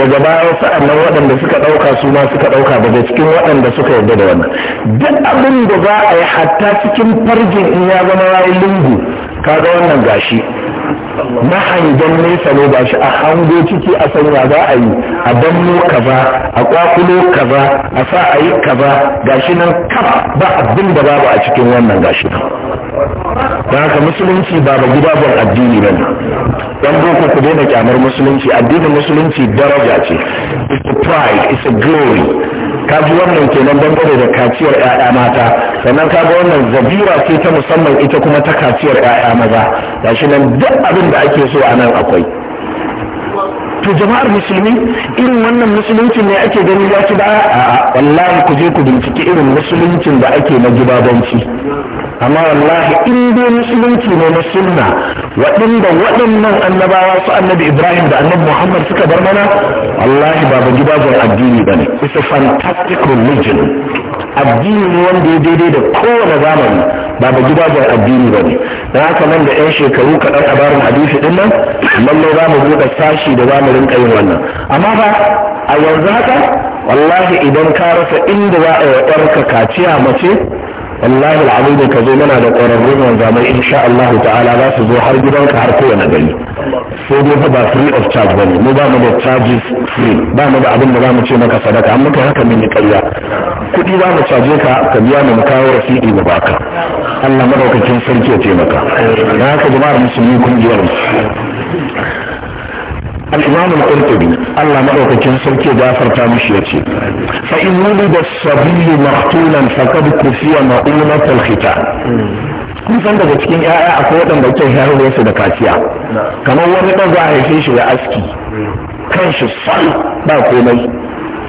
daga baya sa'annan waɗanda suka ɗauka su ma suka ɗauka daga cikin waɗanda suka yarda da wannan duk abin da za a yi hatta cikin farjin in ya zama yayi lungu kaga wannan gashi na hangen nesa ne ba shi a hango ciki a sanya za a yi a danno kaza a kwakulo kaza a sa a yi kaza shi nan kaf ba abin da babu a cikin wannan gashi nan don haka musulunci ba ba ban addini ba ne don boko ku daina kyamar musulunci addinin musulunci daraja ce it's a pride it's a glory ka ji wannan kenan dangane da kaciyar 'ya'ya mata sannan ka ga wannan zabira ce ta musamman ita kuma ta kaciyar 'ya'ya maza gashi nan duk abin da ake so a nan akwai to jama'ar musulmi irin wannan musuluncin ne ake gani ya ci baya a wallahi ku je ku binciki irin musuluncin da ake na gibabanci amma wallahi in dai musulunci ne na sunna waɗanda waɗannan annabawa su annabi ibrahim da annabi muhammad suka bar mana wallahi ba ba gibabin addini ba ne it's a fantastic religion addini ne wanda ya daidai da kowane zamani ba ba gida da addini ba ne da haka nan da 'yan shekaru kaɗan a barin hadisi ɗin nan lallai za mu buɗe sashi da za mu rinka yin wannan amma ba a yanzu haka wallahi idan ka rasa inda za a yi ɗarka kaciya mace wallahi al'azim ka zo mana da ƙwararrun wanzamai insha Allah ta'ala za su zo har gidanka har kowane gari so dai ba free of charge bane mu ba mu da charges free ba mu da abin da za mu ce maka sadaka amma muka haka mini karya ƙarya kuɗi za mu caje ka ka biya mu mu kawo rasidi mu baka Allah madaukakin sarki ya taimaka na haka jama'ar musulmi kungiyar al-imam Allah madaukakin sarki gafarta mishi yace fa in wulida sabiyu maqtulan faqad kufiya ma'unat al kun san daga cikin yaya akwai waɗanda ke haihuwa su da kaciya kamar wani ɗan za a haife shi da aski kanshi shi sal ba komai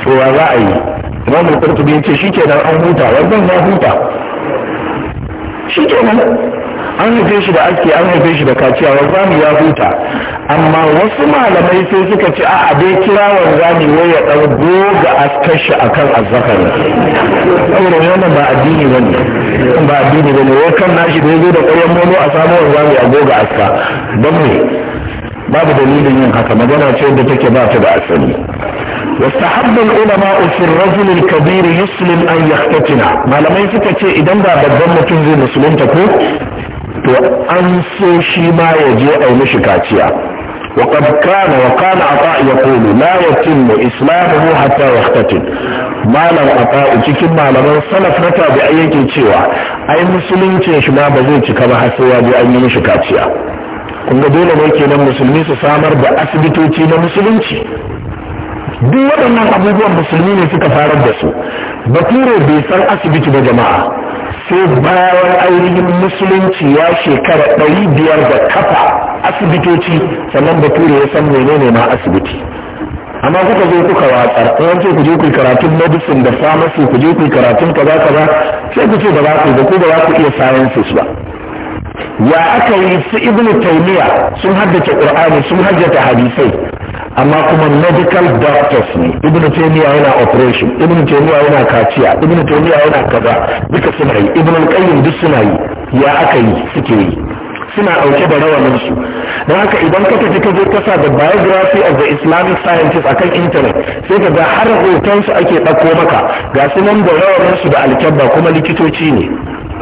tsowa za a yi imam al-qurtubi yace shikenan an huta wannan ya huta shikenan an haife shi da aski an haife shi da kaciya wanzami ya huta amma wasu malamai sai suka ce a abe kira wanzami wai ya ɗan goga askar shi akan azzakari saboda wannan ba addini bane ba addini ne wai kan nashi da yazo da ƙwayen mono a samu wanzami a goga aska don me babu dalilin yin haka magana ce da take ba ta da asali واستحب العلماء في الرجل الكبير يسلم ان يختتنا malamai suka ce idan da babban mutum zai musulunta ko to an so shi ma ya je a yi mishi kaciya وقد كان وكان عطاء يقول لا يتم اسلامه حتى يختتن ما لو عطاء cikin malaman salaf na tabi'i yake cewa ai musulunci shi ma ba zai cika ba har sai ya je an yi mishi kaciya kun ga dole ne kenan musulmi su samar da asibitoci na musulunci duk waɗannan abubuwan musulmi ne suka farar da su bature bai san asibiti ba jama'a sai bayan ainihin musulunci ya shekara ɗari biyar da kafa asibitoci sannan bature ya san menene ma asibiti amma kuka zo kuka watsar an ce ku je ku karatun medicine da pharmacy ku je ku karatun kaza kaza sai ku ce ba za ku ba ku ba za ku iya sciences ba ya aka yi su ibnu taymiya sun haddace qur'ani sun haddace hadisai amma kuma medical doctors ne ibn taymiya yana operation ibn taymiya yana kaciya ibn taymiya yana kaza duka suna yi ibnu qayyim duk suna yi ya aka yi suke yi suna auke da rawanin su don haka idan ka tafi ka je kasa da biography of the islamic scientist akan internet sai ka ga har hoton su ake dauko maka ga su nan da rawanin su da alkyabba kuma likitoci ne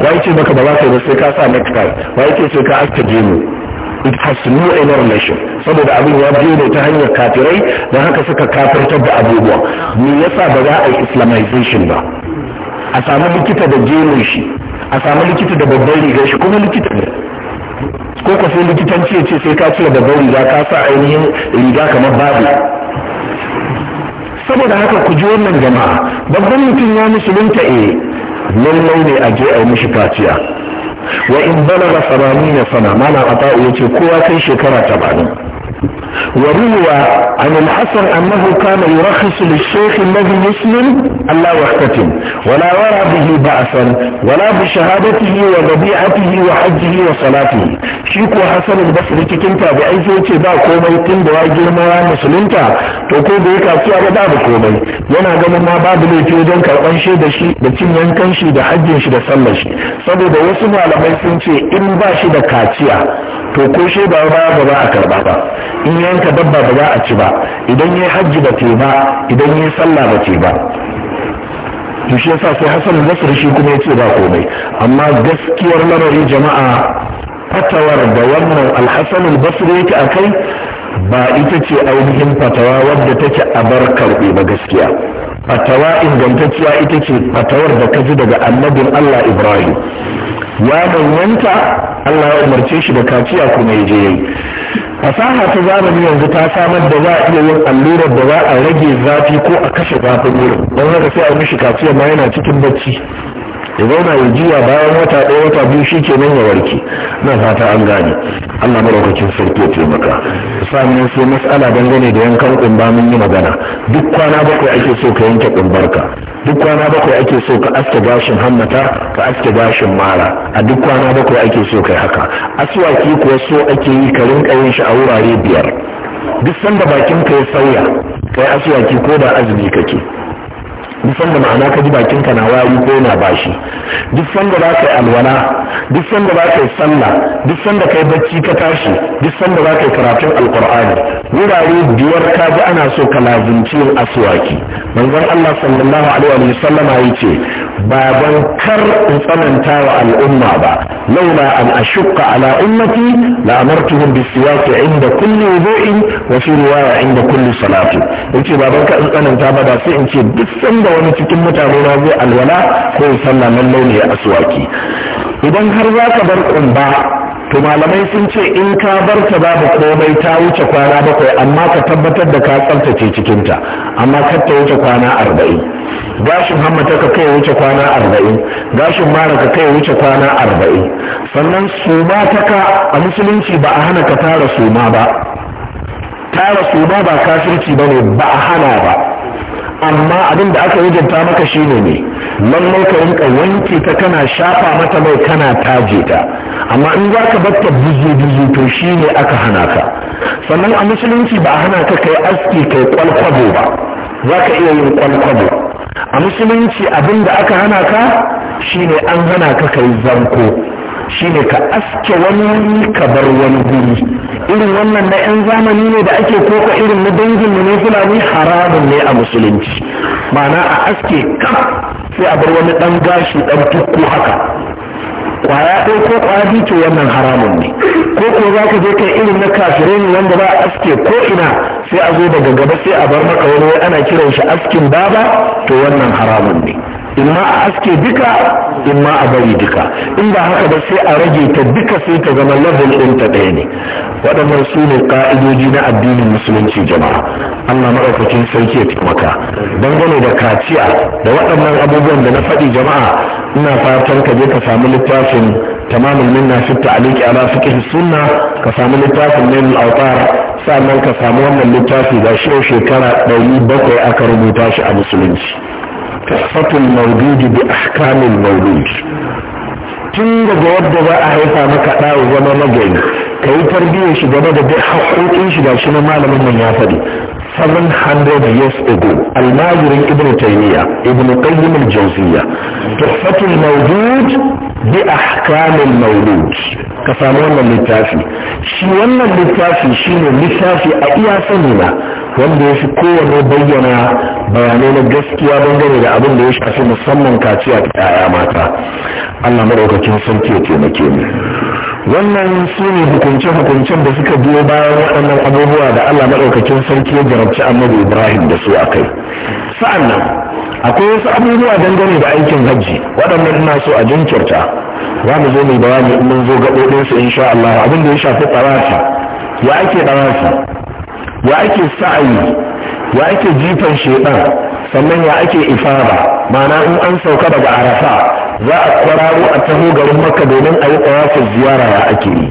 wai ce baka ba za ka yi ba sai ka sa medical wai ce sai ka aske gemu it has no any relation saboda abin ya biyo ne ta hanyar kafirai don haka suka kafirtar da abubuwa me yasa ba za a yi islamization ba a samu likita da gemun shi a samu likita da babban rigar shi kuma likita ne ko ka sai likitanci ya ce sai ka cire babban riga ka sa ainihin riga kamar babu saboda haka ku ji wannan jama'a babban mutum ya musulunta eh lallai ne a je a yi mishi kaciya wa in balaga 80 sana malam ata'u yace kowa kai shekara 80 وروى عن الحسن أنه كان يرخص للشيخ الذي يسلم ألا يختتم ولا يرى به بأسا ولا بشهادته وذبيعته وحجه وصلاته شيكو حسن البصري cikin tabi'ai sai ce ba komai tun da ya girma ya musulunta to ko da ya kasuwa ba babu komai yana ganin ma babu laifi wajen karɓan shi da shi da cin yankan shi da hajjin shi da sallashi. saboda wasu malamai sun ce in ba shi da kaciya to ko shaida ba ba a karɓa ba in yanka dabba ba za a ci ba idan ya hajji ba ce ba idan ya sallah ba ce ba to shi yasa sai hasan basri shi kuma ya yace ba komai amma gaskiyar lamari jama'a fatawar da wannan alhassan al-basri yake akai ba ita ce ainihin fatawa wadda take a bar karɓe ba gaskiya fatawa ingantacciya ita ce fatawar da ka ji daga annabin allah ibrahim ya manyanta allah ya umarce shi da kaciya kuma ya je yayi fasaha ta zamani yanzu ta samar da za a iya yin allurar da za a rage zafi ko a kashe zafin wurin don haka sai a mishi kaciya ma yana cikin bacci ya zauna ya jiya bayan wata ɗaya wata biyu shi ke nan ya warke na fata an gane allah maraukakin sarki ya taimaka sa'an sai mas'ala dangane da yankan kumba mun yi magana duk kwana bakwai ake so ka yanke kumbarka duk kwana bakwai ake so ka aske gashin hammata ka aske gashin mara a duk kwana bakwai ake so kai haka aswaki kuwa so ake yi ka rinka yin shi a wurare biyar duk sanda bakin ka ya sauya kai aswaki ko da azumi kake duk sanda ma'ana ka ji bakin ka na wari ko na bashi duk sanda za ka yi alwala duk sanda za ka yi sallah duk sanda ka yi bacci ka tashi duk sanda za ka yi karatun alkur'ani wurare biyar ka ji ana so ka lazimci yin aswaki manzon Allah sallallahu alaihi wa sallama ya ce baban kar in tsananta wa al'umma ba laula an a ala ummati la amartuhum bisiwak inda kulli wudu'in wa fi riwaya inda kulli salati yace baban kar in tsananta ba da sai in ce duk sanda duba wani cikin mutane na zai alwala ko ya nan launi a aswaki idan har za ka bar kumba to malamai sun ce in ka bar ta babu komai ta wuce kwana bakwai amma ka tabbatar da ka tsaftace cikinta amma kar ta wuce kwana arba'in gashin hammata ka kai wuce kwana arba'in gashin mara ka kai wuce kwana arba'in sannan suma ta ka a musulunci ba a hana ka tara suma ba tara suma ba kafirci ba ne ba a hana ba amma abin da aka wajabta maka shine ne lallai ka rinka wanke ta kana shafa mata mai kana taje ta amma in za ka batta buzu buzu to shine aka hana ka sannan a musulunci ba a hana ka kai aski kai kwalkwabo ba za ka iya yin kwalkwabo a musulunci abin da aka hana ka shine an hana ka kai zanko shine ka aske wani ka bar wani guri irin wannan na 'yan zamani ne da ake koko irin na dangin mu ne fulani haramun ne a musulunci ma'ana a aske kam sai a bar wani ɗan gashi ɗan tukku haka kwaya ɗaya ko kwaya biyu to wannan haramun ne ko ko za ka je kai irin na kafirai ne wanda ba a aske ko ina sai a zo daga gaba sai a bar maka wani ana kiran shi askin baba to wannan haramun ne in ma a aske duka in ma a bari duka in ba haka ba sai a rage ta duka sai ta zama level ɗin ta ɗaya ne waɗannan su ne ƙa'idoji na addinin musulunci jama'a Allah maɗaukakin sarki ya taimaka dangane da kaciya da waɗannan abubuwan da na faɗi jama'a ina fatan ka je ka samu littafin tamamul minna fi ta'liqi ala fiqh sunna ka samu littafin min al-awtar sannan ka samu wannan littafi ga shi shekara 700 aka rubuta shi a musulunci tuhfatul maududi bi ahkamil mauludi tun daga wadda za a haifa maka ɗa zama magani ka yi tarbiyyar shi game da duk haƙoƙin shi ga shi na malamin mun ya faɗi 700 years ago almajirin ibn taymiya ibn qayyim al-jawziya tuhfatul mawjud bi ahkamil mawlud ka samu wannan littafi shi wannan littafi shine littafi a iya sani na wanda ya fi kowane bayyana bayanai na gaskiya bangare da abin da ya shafi musamman kaciya ta 'ya'ya mata Allah madaukakin sarki ya taimake ni. wannan su ne hukunce-hukuncen da suka biyo bayan waɗannan abubuwa da allah maɗaukakin sarki ya jarabci annabi ibrahim da su a kai sa'an nan akwai wasu abubuwa dangane da aikin hajji waɗannan ina so a jinkirta za mu zo mai bayani in mun zo gaɓoɗinsu insha allah abin da ya shafi ɗarasa ya ake ɗarasa ya ake sa'ayi ya ake jifan shaiɗan sannan ya ake ifada ma'ana in an sauka daga arafa za a kwararo a taho garin makka domin a yi tsawafin ziyara ya ake yi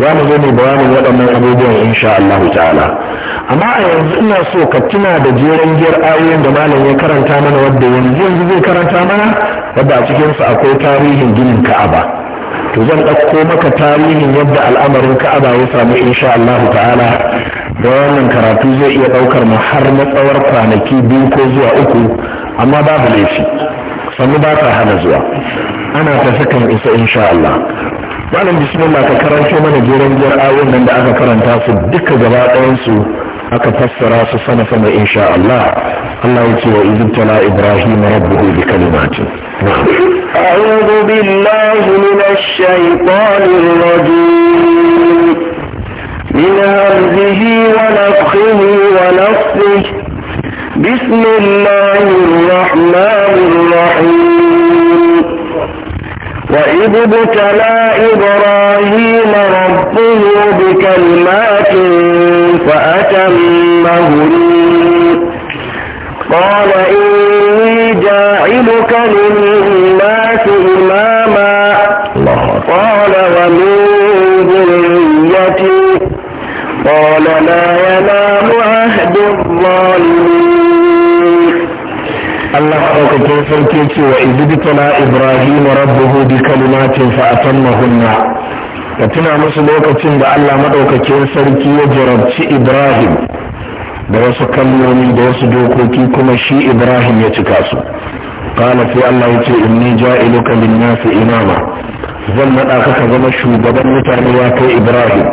za mu zo mai bayanin waɗannan abubuwan insha Allah ta'ala amma a yanzu ina so ka tuna da jeren giyar ayoyin da malam ya karanta mana wadda yanzu yanzu zai karanta mana wadda a cikinsu akwai tarihin ginin ka'aba to zan ɗauko maka tarihin yadda al'amarin ka'aba ya samu insha Allah ta'ala da wannan karatu zai iya ɗaukar mu har na tsawar kwanaki biyu ko zuwa uku amma babu laifi sannu ba ta hana zuwa ana tafi kan isa insha Allah malam bismillah ka karanto mana jeren jiyar ayoyin nan da aka karanta su duka gaba ɗayan su aka fassara su sama sama insha Allah Allah yake wa idin tala Ibrahim rabbuhu bi kalimatin a'udhu billahi minash shaitanir rajim min hamzihi wa nafthihi wa nafthihi بسم الله الرحمن الرحيم وإذ ابتلى إبراهيم ربه بكلمات فأتمهن قال إني جاعلك للناس إماما قال ومن ذريتي قال لا ينام عهد الظالمين Allah maɗaukakin sarki ce wa izibtana Ibrahim rabbuhu bi kalimatin fa atammahunna ka tuna musu lokacin da Allah maɗaukakin sarki ya jarabci Ibrahim da wasu kalmomi da wasu dokoki kuma shi Ibrahim ya cika su qala sai Allah ya ce inni ja'iluka lin-nasi imama zan naɗa ka zama shugaban mutane ya Ibrahim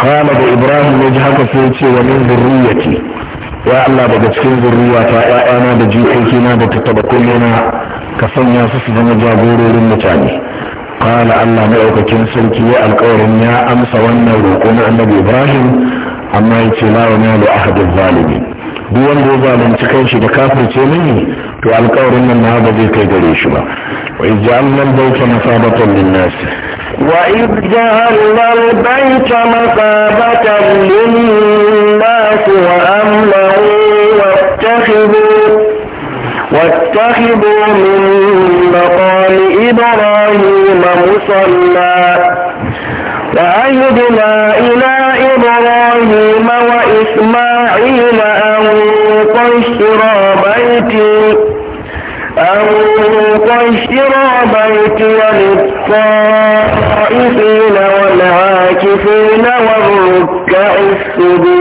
qala da Ibrahim ya ji haka sai ya ce wa min dhurriyyati ya Allah daga cikin zurriya ta ƴaƴana da jikokina da tattabakullina ka sanya su su zama jagororin mutane qala Allah maɗaukakin sarki ya alƙawarin ya amsa wannan roƙo na annabi Ibrahim amma ya ce la yanalu ahadu zalimi duk wanda ya zalunci kanshi da kafirce mini to alƙawarin nan na ba zai kai gare shi ba wa ij'alna al-bayta masabatan lin-nas wa ij'alna al-bayta masabatan lin wa ijalna al masabatan lin واتخذوا من مقام إبراهيم مصلى وعهدنا إلى إبراهيم وإسماعيل أن طشر بيتي أن طشر بيتي للطائفين والعاكفين والركع السجود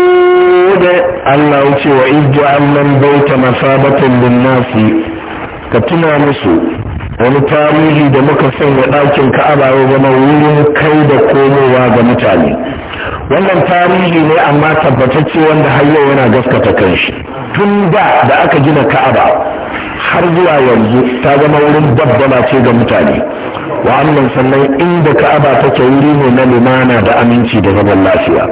Allah ya ce wa izja annan baita masabatan linnasi ka tuna musu wani tarihi da muka sanya ɗakin ka'aba ya zama wurin kai da komowa ga mutane wannan tarihi ne amma tabbatacce wanda har yau yana gaskata kanshi tun da da aka gina ka'aba har zuwa yanzu ta zama wurin dabbala ce ga mutane wa'annan sannan inda ka'aba take wuri ne na lumana da aminci da zaman lafiya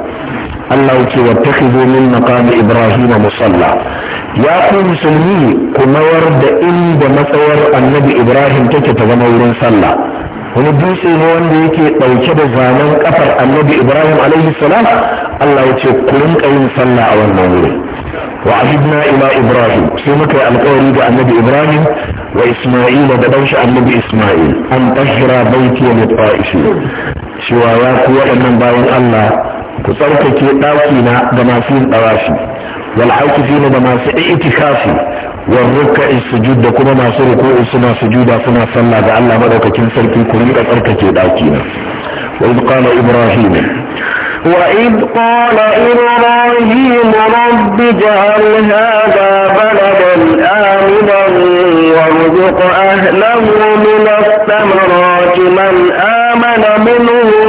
الله يقول واتخذوا من مقام ابراهيم مصلى يا قوم مسلمي كما ورد ان بمصور النبي ابراهيم تكي تغمى ورن صلى ونبيسي هون بيكي طوكب زامن قفر النبي ابراهيم عليه السلام الله يقول قلن قيم صلى اول مولي وعجبنا الى ابراهيم سمك القول لدى النبي ابراهيم واسماعيل ودبنش النبي اسماعيل ان تجرى بيتي للطائفين شوايا قوة من باين الله ku tsarkake ɗaki na ga masu yin ɗawafi wal na da masu itikafi wal rukka'i sujud da kuma masu ruku'u suna sujuda suna sallah ga Allah madaukakin sarki ku rinka tsarkake ɗaki na وإذ قال إبراهيم وإذ قال إبراهيم رب اجعل هذا بلدا آمنا وارزق أهله من الثمرات من آمن منهم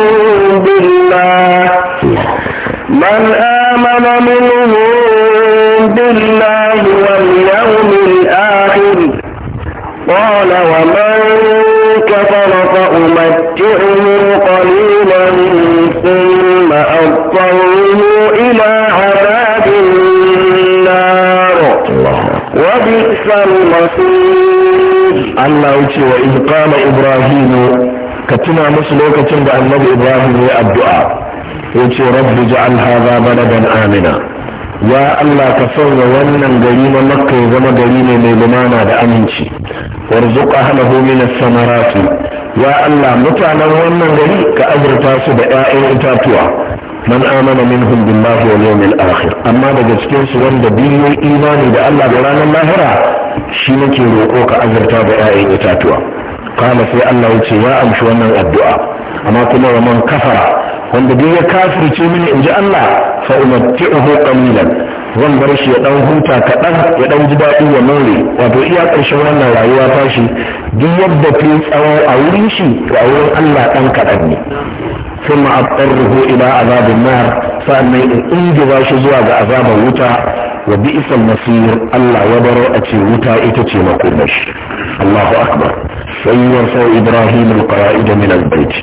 من آمن منهم بالله واليوم الآخر قال ومن كفر فأمتعه قليلا ثم أضطره إلى عذاب النار وبئس المصير الله يجي وإذ قال إبراهيم كتنا مسلوكة عند النبي إبراهيم الدعاء ya ce rabbi ja'al hadha baladan amina ya Allah ka sanya wannan gari na makka ya zama gari ne mai lumana da aminci warzuqa ahlahu min samarati ya Allah mutanen wannan gari ka azurta su da 'ya'yan itatuwa man amana minhum billahi wal yawmil akhir amma daga cikin su wanda biyu imani da Allah da ranar lahira shi nake roƙo ka azurta da 'ya'yan itatuwa kana sai Allah ya ce ya amshi wannan addu'a amma kuma wa man kafara wanda duk ya kafirce mini in ji Allah fa uhu qalilan zan bar shi ya dan huta kaɗan ya dan ji daɗi ya more wato iya ƙarshen wannan rayuwa ta shi duk yadda ta tsawo a wurin shi to a wurin Allah ɗan kaɗan ne ثم أضطره إلى عذاب النار فأنا shi zuwa ga azabar wuta. wa bi'isal masir Allah ya baro a ce wuta ita ce makomashi Allahu akbar sai sa Ibrahim al-qara'id min al-bayt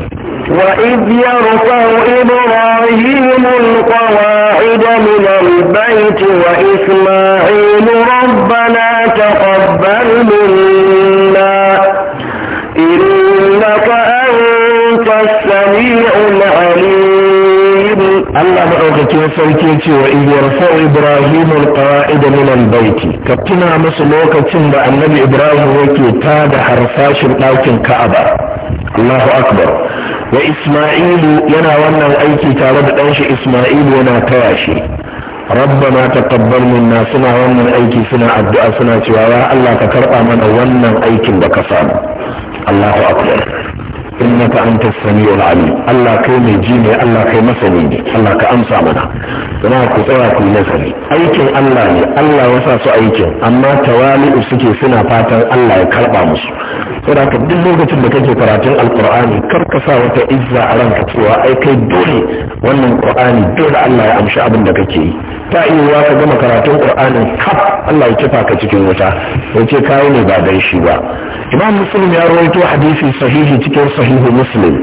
وإذ يرفع إبراهيم القواعد من البيت وإسماعيل ربنا تقبل منا إنك أنت السميع العليم الله مأوكتين سوكيتي وإذ يرفع إبراهيم القواعد من البيت كتنا مسلوكة عند النبي إبراهيم وكي تاد حرفاش القاوة كعبة Allahu akbar wa Isma'ilu yana wannan aiki tare da ɗanshi Isma'ilu yana taya shi rabbana taqabbal minna suna wannan aiki suna addu'a suna cewa ya Allah ka karɓa mana wannan aikin da ka samu Allahu akbar innaka anta samiul alim Allah kai mai ji ne Allah kai masani ne Allah ka amsa mana kuma ku tsaya ku nazari aikin Allah ne Allah ya sa su aikin amma tawali'u suke suna fatan Allah ya karba musu saboda ka duk lokacin da kake karatun alqur'ani kar ka sa wata izza a ranka cewa ai kai dole wannan qur'ani dole Allah ya amshi abin da kake yi ta iya ka gama karatun qur'anin kaf Allah ya kifa ka cikin wuta ya ce kai ne ba dan shi ba imam muslim ya rawaito hadisi sahihi cikin sahih sahihu muslim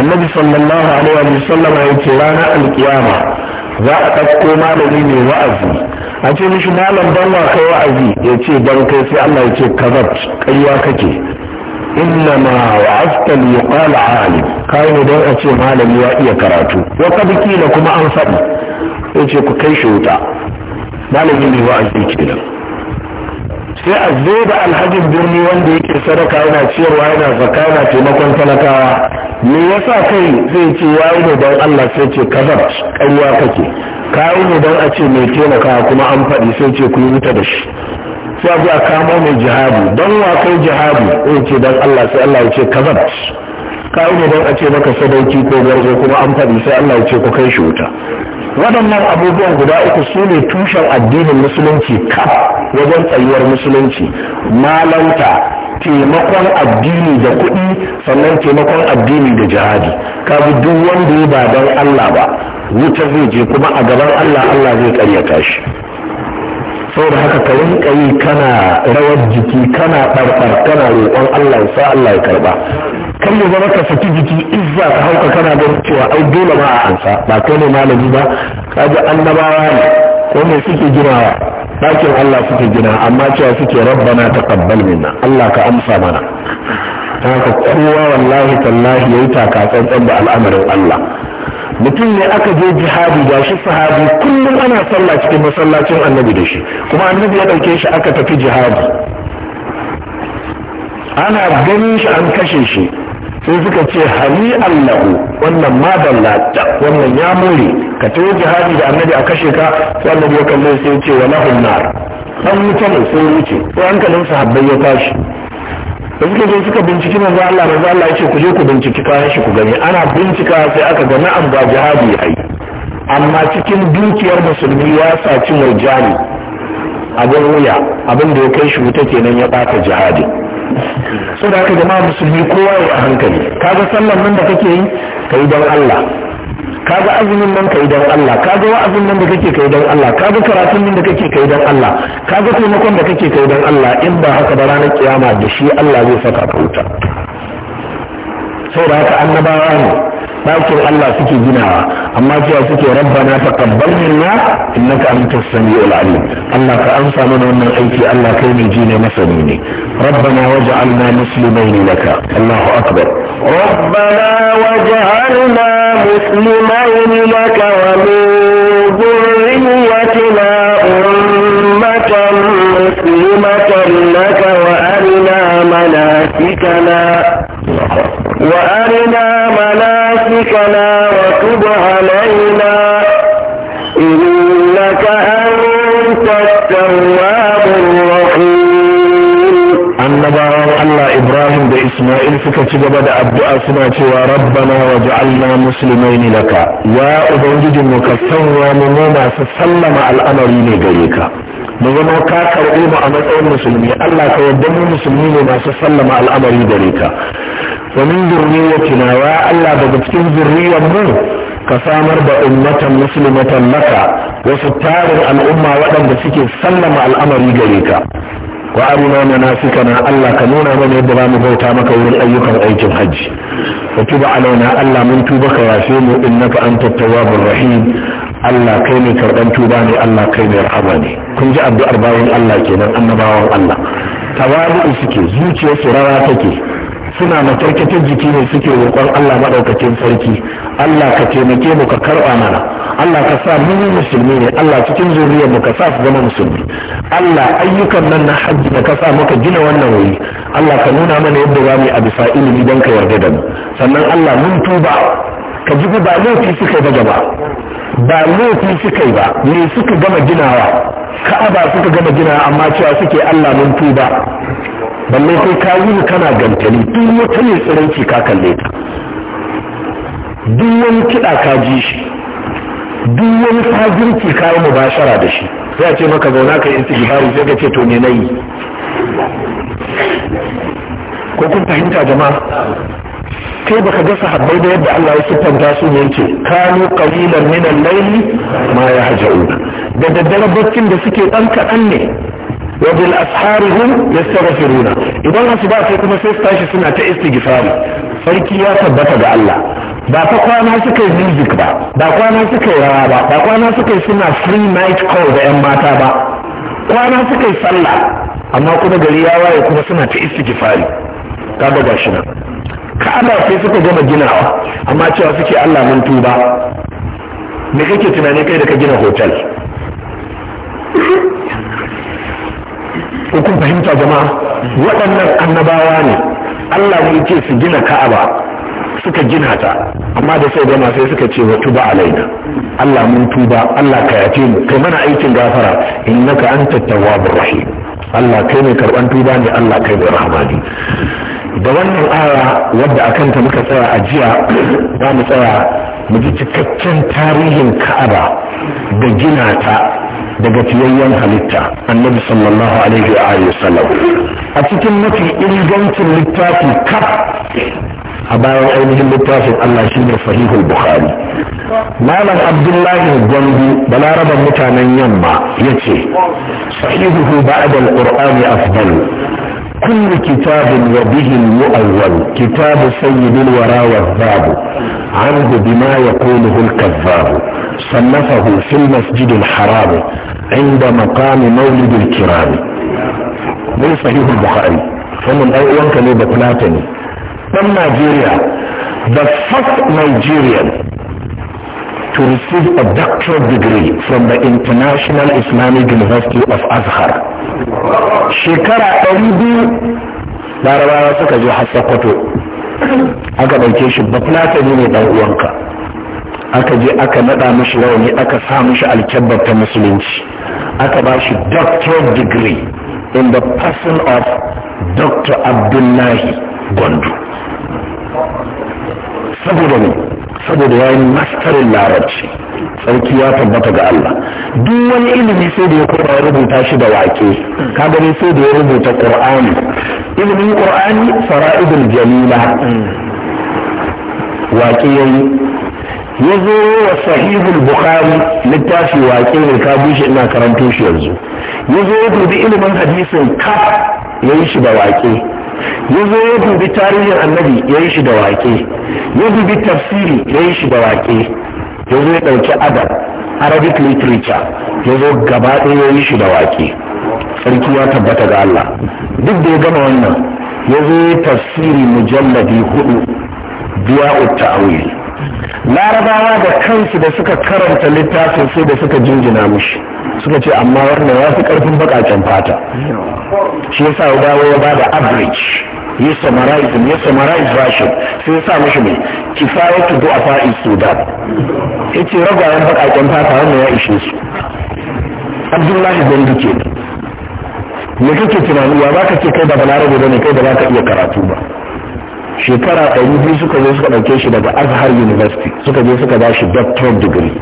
annabi sallallahu alaihi wa sallam ya ce ranar alkiyama za a ɗauko malami mai wa'azi a ce mishi malam don wa kai wa'azi ya ce don kai sai Allah ya ce kazabt kaiwa kake inna ma wa'azta li yuqala alim kai ne don a ce malami ya iya karatu wa kad kila kuma an faɗi ya ce ku kai shi wuta malami mai wa'azi kenan sai a zo da alhajin birni wanda yake sadaka yana ciyarwa yana zaka yana taimakon talakawa me yasa kai zai ce yayi ne don Allah sai ce kazab ƙarya kake kayi ne don a ce mai taimakawa kuma an faɗi sai ce ku yi wuta da shi sai a zo kamo mai jihadi don wa kai jihadi zai ce don Allah sai Allah ya ce kazab kai ne don a ce maka sadauki ko garzo kuma an faɗi sai Allah ya ce ku kai shi wuta waɗannan abubuwan guda uku su ne tushen addinin musulunci ka wajen tsayuwar musulunci malanta taimakon addini da kuɗi sannan taimakon addini da jihadi kabi duk wanda ya ba don Allah ba wuta zai je kuma a gaban Allah Allah zai karya shi saboda haka ka rinka yi kana rawar jiki kana ɓarɓar, kana roƙon Allah ya sa Allah ya karba kan ya zama ka saki jiki izza ka hauka kana da cewa ai dole ma a ansa ba kai ne malami ba kaji annabawa ne ko me suke ginawa ɗakin Allah suke gina amma cewa suke rabbana taqabbal minna Allah ka amsa mana haka kowa wallahi tallahi yayi taka tsantsan da al'amarin Allah mutum ne aka je jihadi ga shi sahabi kullum ana sallah cikin masallacin annabi da shi kuma annabi ya ɗauke shi aka tafi jihadi ana ganin shi an kashe shi sai suka ce hali allahu wannan ma ta wannan ya mure ka tafi jihadi da annabi a kashe ka sai annabi ya kalle sai ya ce wa lahun nar an wuce ne sai wuce sai hankalin sahabbai ya tashi da suka zo suka binciki manzo Allah manzo Allah ya ce ku je ku binciki kayan shi ku gani ana bincika sai aka ga na'am ba jihadi yayi amma cikin dukiyar musulmi ya saci murjani abin wuya abin da ya kai shi wuta kenan ya bata jihadi Sau da haka jama'a musulmi kowa ya a hankali ga sallan nan da kake yi kai don Allah kaga azumin nan kai don Allah kaga wa'azin nan da kake kai don Allah kaga karatun nan da kake kai don Allah kaga taimakon da kake kai don Allah in ba haka da ranar kiyama da shi Allah zai saka ka wuta saboda haka annabawa ne ɗakin Allah suke ginawa amma cewa suke rabbana taqabbal minna innaka antas samiul alim Allah ka amsa mana wannan aiki Allah kai mai ji ne masani ne rabbana waj'alna muslimaini laka Allahu akbar rabbana waj'alna muslimaini laka wa min dhurriyyatina ummatan muslimatan laka wa arina manasikana وأرنا مناسكنا وتب علينا إنك أنت التواب الرحيم النبي الله إبراهيم إسماعيل suka ci gaba da addu'a suna cewa rabbana wa ja'alna muslimaini laka ya ubangijin mu ka sanya mu sallama al'amari ne gare ka mu zama ka karɓe mu a matsayin musulmi Allah ka yarda mu musulmi ne masu sallama al'amari gare ka wa min zurriyatina ya Allah daga cikin zurriyar mu ka samar da ummatan muslimatan maka? wasu tarin al'umma waɗanda suke sallama al'amari gare ka wa arina manasikana Allah ka nuna mana yadda za mu bauta maka wurin ayyukan aikin hajji wa tuba alaina Allah mun tuba ka yafe mu innaka anta tawwabur rahim Allah kai ne karban tuba ne Allah kai ne rahama ne kun ji addu'ar bayan Allah kenan annabawan Allah tawadu suke zuciyar su rawa take suna matarkatar jiki ne suke roƙon Allah madaukakin sarki Allah ka taimake mu ka karɓa mana Allah ka sa mu musulmi ne Allah cikin zuriyar mu ka sa su zama musulmi Allah ayyukan nan na hajji da ka sa muka gina wannan wuri Allah ka nuna mana yadda za mu yi a ilimi don ka yarda da mu sannan Allah mun tuba ka ji ba lokaci suka daga ba ba lokaci suka ba me suka gama ginawa ka'aba suka gama ginawa amma cewa suke Allah mun tuba balle kai ka yi kana gantali duk wata ne tsiranci ka kalle ta duk wani kiɗa ka ji shi duk wani fajirki kayan bashara da shi sai a ce maka zauna ka istighfari sai ka ce to na nayi ko kun fahimta jama'a kai baka gasa sahabbai da yadda Allah ya siffanta su ne yake kanu qalilan min al-layli ma yahjaun da daddare bakin da suke dan kaɗan ne hun ya saba firuna idan wasu ba sai kuma sai su tashi suna ta istighfari sarki ya tabbata ga Allah ba ta kwana suka yi music ba ba kwana suka yi rawa ba ba kwana suka yi suna free night call da yan mata ba kwana suka yi sallah amma kuma gari ya waye kuma suna ta istighfari kaga gashi nan ka'aba sai suka gama ginawa amma cewa suke Allah mun tuba me kake tunani kai da ka gina hotel ko kun fahimta jama'a waɗannan annabawa ne Allah ne yake su gina Ka'aba suka gina ta amma da sai gama sai suka ce wa tuba alaina Allah mun tuba Allah ka mu kai mana aikin gafara innaka antat tawwabur rahim Allah kai ne karban tuba ne Allah kai ne rahmani da wannan aya wadda akan ta muka tsaya a jiya za mu tsaya mu ji cikakken tarihin Ka'aba da gina ta daga fiyayyen halitta annabi sallallahu alaihi wa alihi wasallam a cikin mafi ingancin littafi kaf a bayan ainihin littafin Allah shi ne sahihul bukhari malam abdullahi gwandu balaraban mutanen yamma ya ce sahihuhu ba'da al-qur'ani afdal كل كتاب وبه المؤول كتاب سيد الورى والذاب عنه بما يقوله الكذاب صنفه في المسجد الحرام عند مقام مولد الكرام من صحيح البخاري فمن أي وانك ليه بكلاتني من نيجيريا the first Nigerian to receive a doctoral degree from the International Islamic University of Azhar. Shekara ɗari biyu larabawa suka je har kwato. aka ɗauke shi bafulatani ne ɗan uwanka. Aka je aka naɗa mashi rauni aka sa mashi alkyabbar ta musulunci, aka ba shi doctoral degree in the person of Dr. Abdullahi Gondo. Saboda ne, saboda ya yi mastarin larabci sarki ya tabbata ga Allah duk wani ilimi sai da ya koma ya rubuta shi da wake ka gani sai da ya rubuta qur'ani ilimin qur'ani fara'idul jalila wake yayi ya zo wa sahihul bukhari littafi wake ne ka bushe ina karanto shi yanzu ya zo ya dubi ilimin hadisin kaf ya yi shi da wake ya zo ya dubi tarihin annabi ya yi shi da wake ya dubi tafsiri ya yi shi da wake ya zo ya ɗauki adab arabic literature ya zo gaba ɗaya ya yi shi da wake sarki ya tabbata ga Allah duk da ya gama wannan ya zo ya tafsiri mujalladi hudu biya uta ta'awil larabawa da kansu da suka karanta littafin sai da suka jinjina mushi suka ce amma wannan ya fi karfin bakaken fata shi ya ya dawo ya da average ya summarize ya summarize rashin sai ya sa mushi mai kifayatu du'afa sudan ce ragayen bakaken fata wannan ya ishe su abdullahi ben ke me kake tunani ya baka ce kai da balarabe ne kai da baka iya karatu ba shekara ɗari biyu suka zo suka ɗauke shi daga azhar university suka je suka ba shi doctorate degree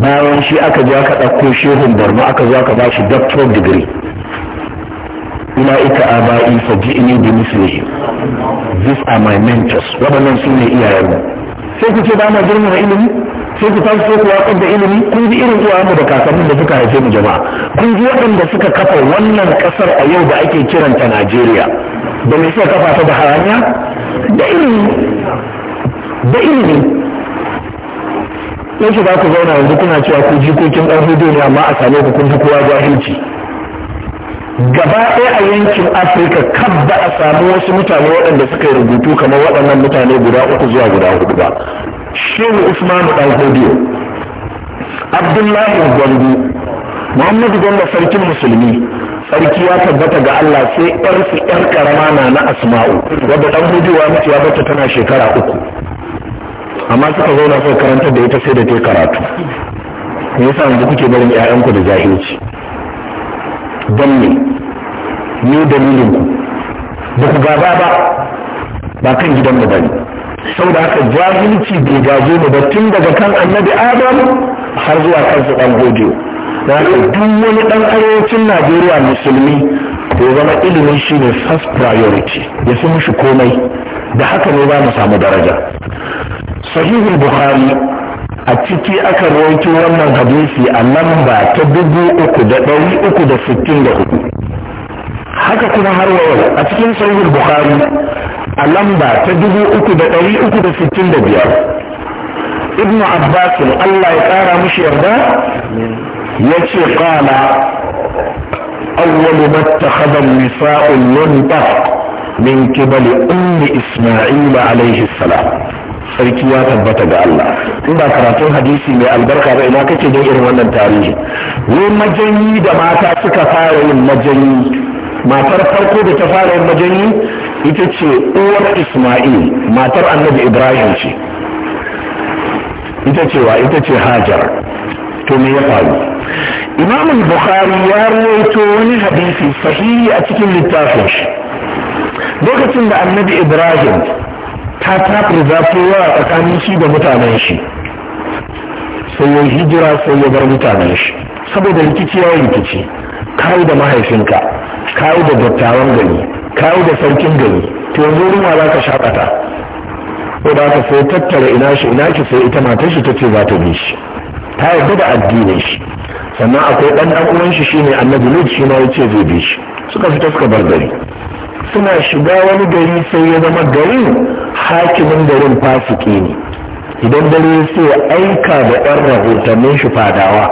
bayan shi aka je aka ɗauko shehun barno aka zo aka ba shi doctorate degree Ina fa ji ini bi mislihi these are my mentors waɗannan su ne iyayen mu sai ku ce ba girma girmama ilimi sai ku tashi sai ku watsar da ilimi kun ji irin mu da kakannin da suka haife mu jama'a kun ji waɗanda suka kafa wannan ƙasar a yau da ake kiranta Najeriya da mai suka kafa ta da haramiya da ilimi da ilimi yake ba ku zauna yanzu kuna cewa ku jikokin ɗan hudu ne amma a same ku kun fi kowa jahilci gaba ɗaya a yankin afirka kabba ba a samu wasu mutane waɗanda suka yi rubutu kamar waɗannan mutane guda uku zuwa guda hudu ba shehu usmanu ɗan hudu abdullahi gwangu muhammadu gwanda sarkin musulmi sarki ya tabbata ga Allah sai su ƴar karama na na asma'u wadda ɗan hujuwa mace ya bata tana shekara uku amma suka zauna suka karanta da ita sai da ta karatu me yasa yanzu kuke barin ƴaƴanku da jahilci don me ni dalilin ku ba ku gaba ba ba kan gidan mu bane saboda haka jahilci bai gaje mu ba tun daga kan annabi adam har zuwa kansu ɗan gojo duk wani ɗan arewacin najeriya musulmi to zama ilimi shine first priority ya fi mushi komai da haka ne za mu samu daraja sahihul bukhari a ciki aka rawaito wannan hadisi a ba ta dubu uku da ɗari uku da sittin da hudu haka kuma har wa a cikin sahihul bukhari a lamba ta dubu uku da ɗari uku da sittin da biyar ibnu abbasin allah ya ƙara mushi yarda yace qala awwal ma an-nisa'u al-muntaq min qibali ummi isma'il alayhi salam sarki ya tabbata ga Allah in ba karatun hadisi mai albarka ba ina kake da irin wannan tarihi ne majanyi da mata suka fara yin majanyi matar farko da ta fara yin majanyi ita ce uwar Isma'il matar Annabi Ibrahim ce ita ce wa ita ce Hajar to me ya faru imam bukhari ya ruwaito wani hadisi sahihi a cikin littafin shi lokacin da annabi ibrahim ta tafi zafewa a tsakanin shi da mutanen shi sai ya hijira sai ya bar mutanen shi saboda rikici ya rikici kawo da mahaifinka kawo da dattawan gari kawo da sarkin gari to yanzu ruwa za ka shakata ko da ka sai tattara ina shi ina ki sai ita matar shi tace za ta bi shi ta yarda da addinin shi sannan akwai ɗan ɗan uwan shi shine annabi lut shi ma yace zai bi shi suka fita suka bar gari suna shiga wani gari sai ya zama gari hakimin garin fasiki ne idan dare sai ya aika da ɗan rahotannin shi fadawa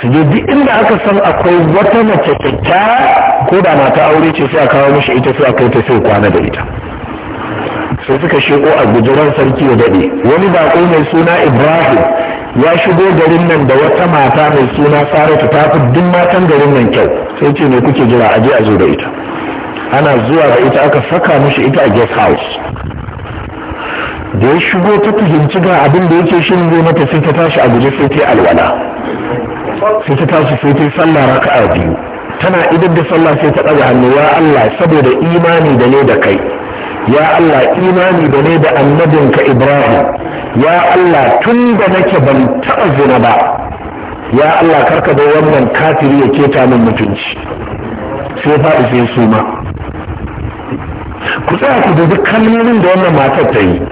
su je duk inda aka san akwai wata mace kyakkya ko da mata aure ce sai a kawo mishi ita sai a kai ta sai kwana da ita sai suka sheko a gujiran sarki ya daɗe wani bako mai suna ibrahim ya shigo garin nan da wata mata mai suna saratu ta fi duk matan garin nan kyau sai ce me kuke jira aje a zo da ita ana zuwa da ita aka saka mishi ita a guest house da ya shigo ta fahimci ga abin da yake shirin zai mata sai ta tashi a guje sai ta alwala sai ta tashi sai ta sallah raka'a biyu tana idar da sallah sai ta ɗaga hannu ya Allah saboda imani da ne da kai ya Allah imani da ne da annabinka Ibrahim ya Allah tun da nake ban taɓa zina ba ya Allah karka da wannan kafiri ya keta min mutunci sai faɗi sai suma ku tsaya ku dubi kalmomin da wannan matar ta yi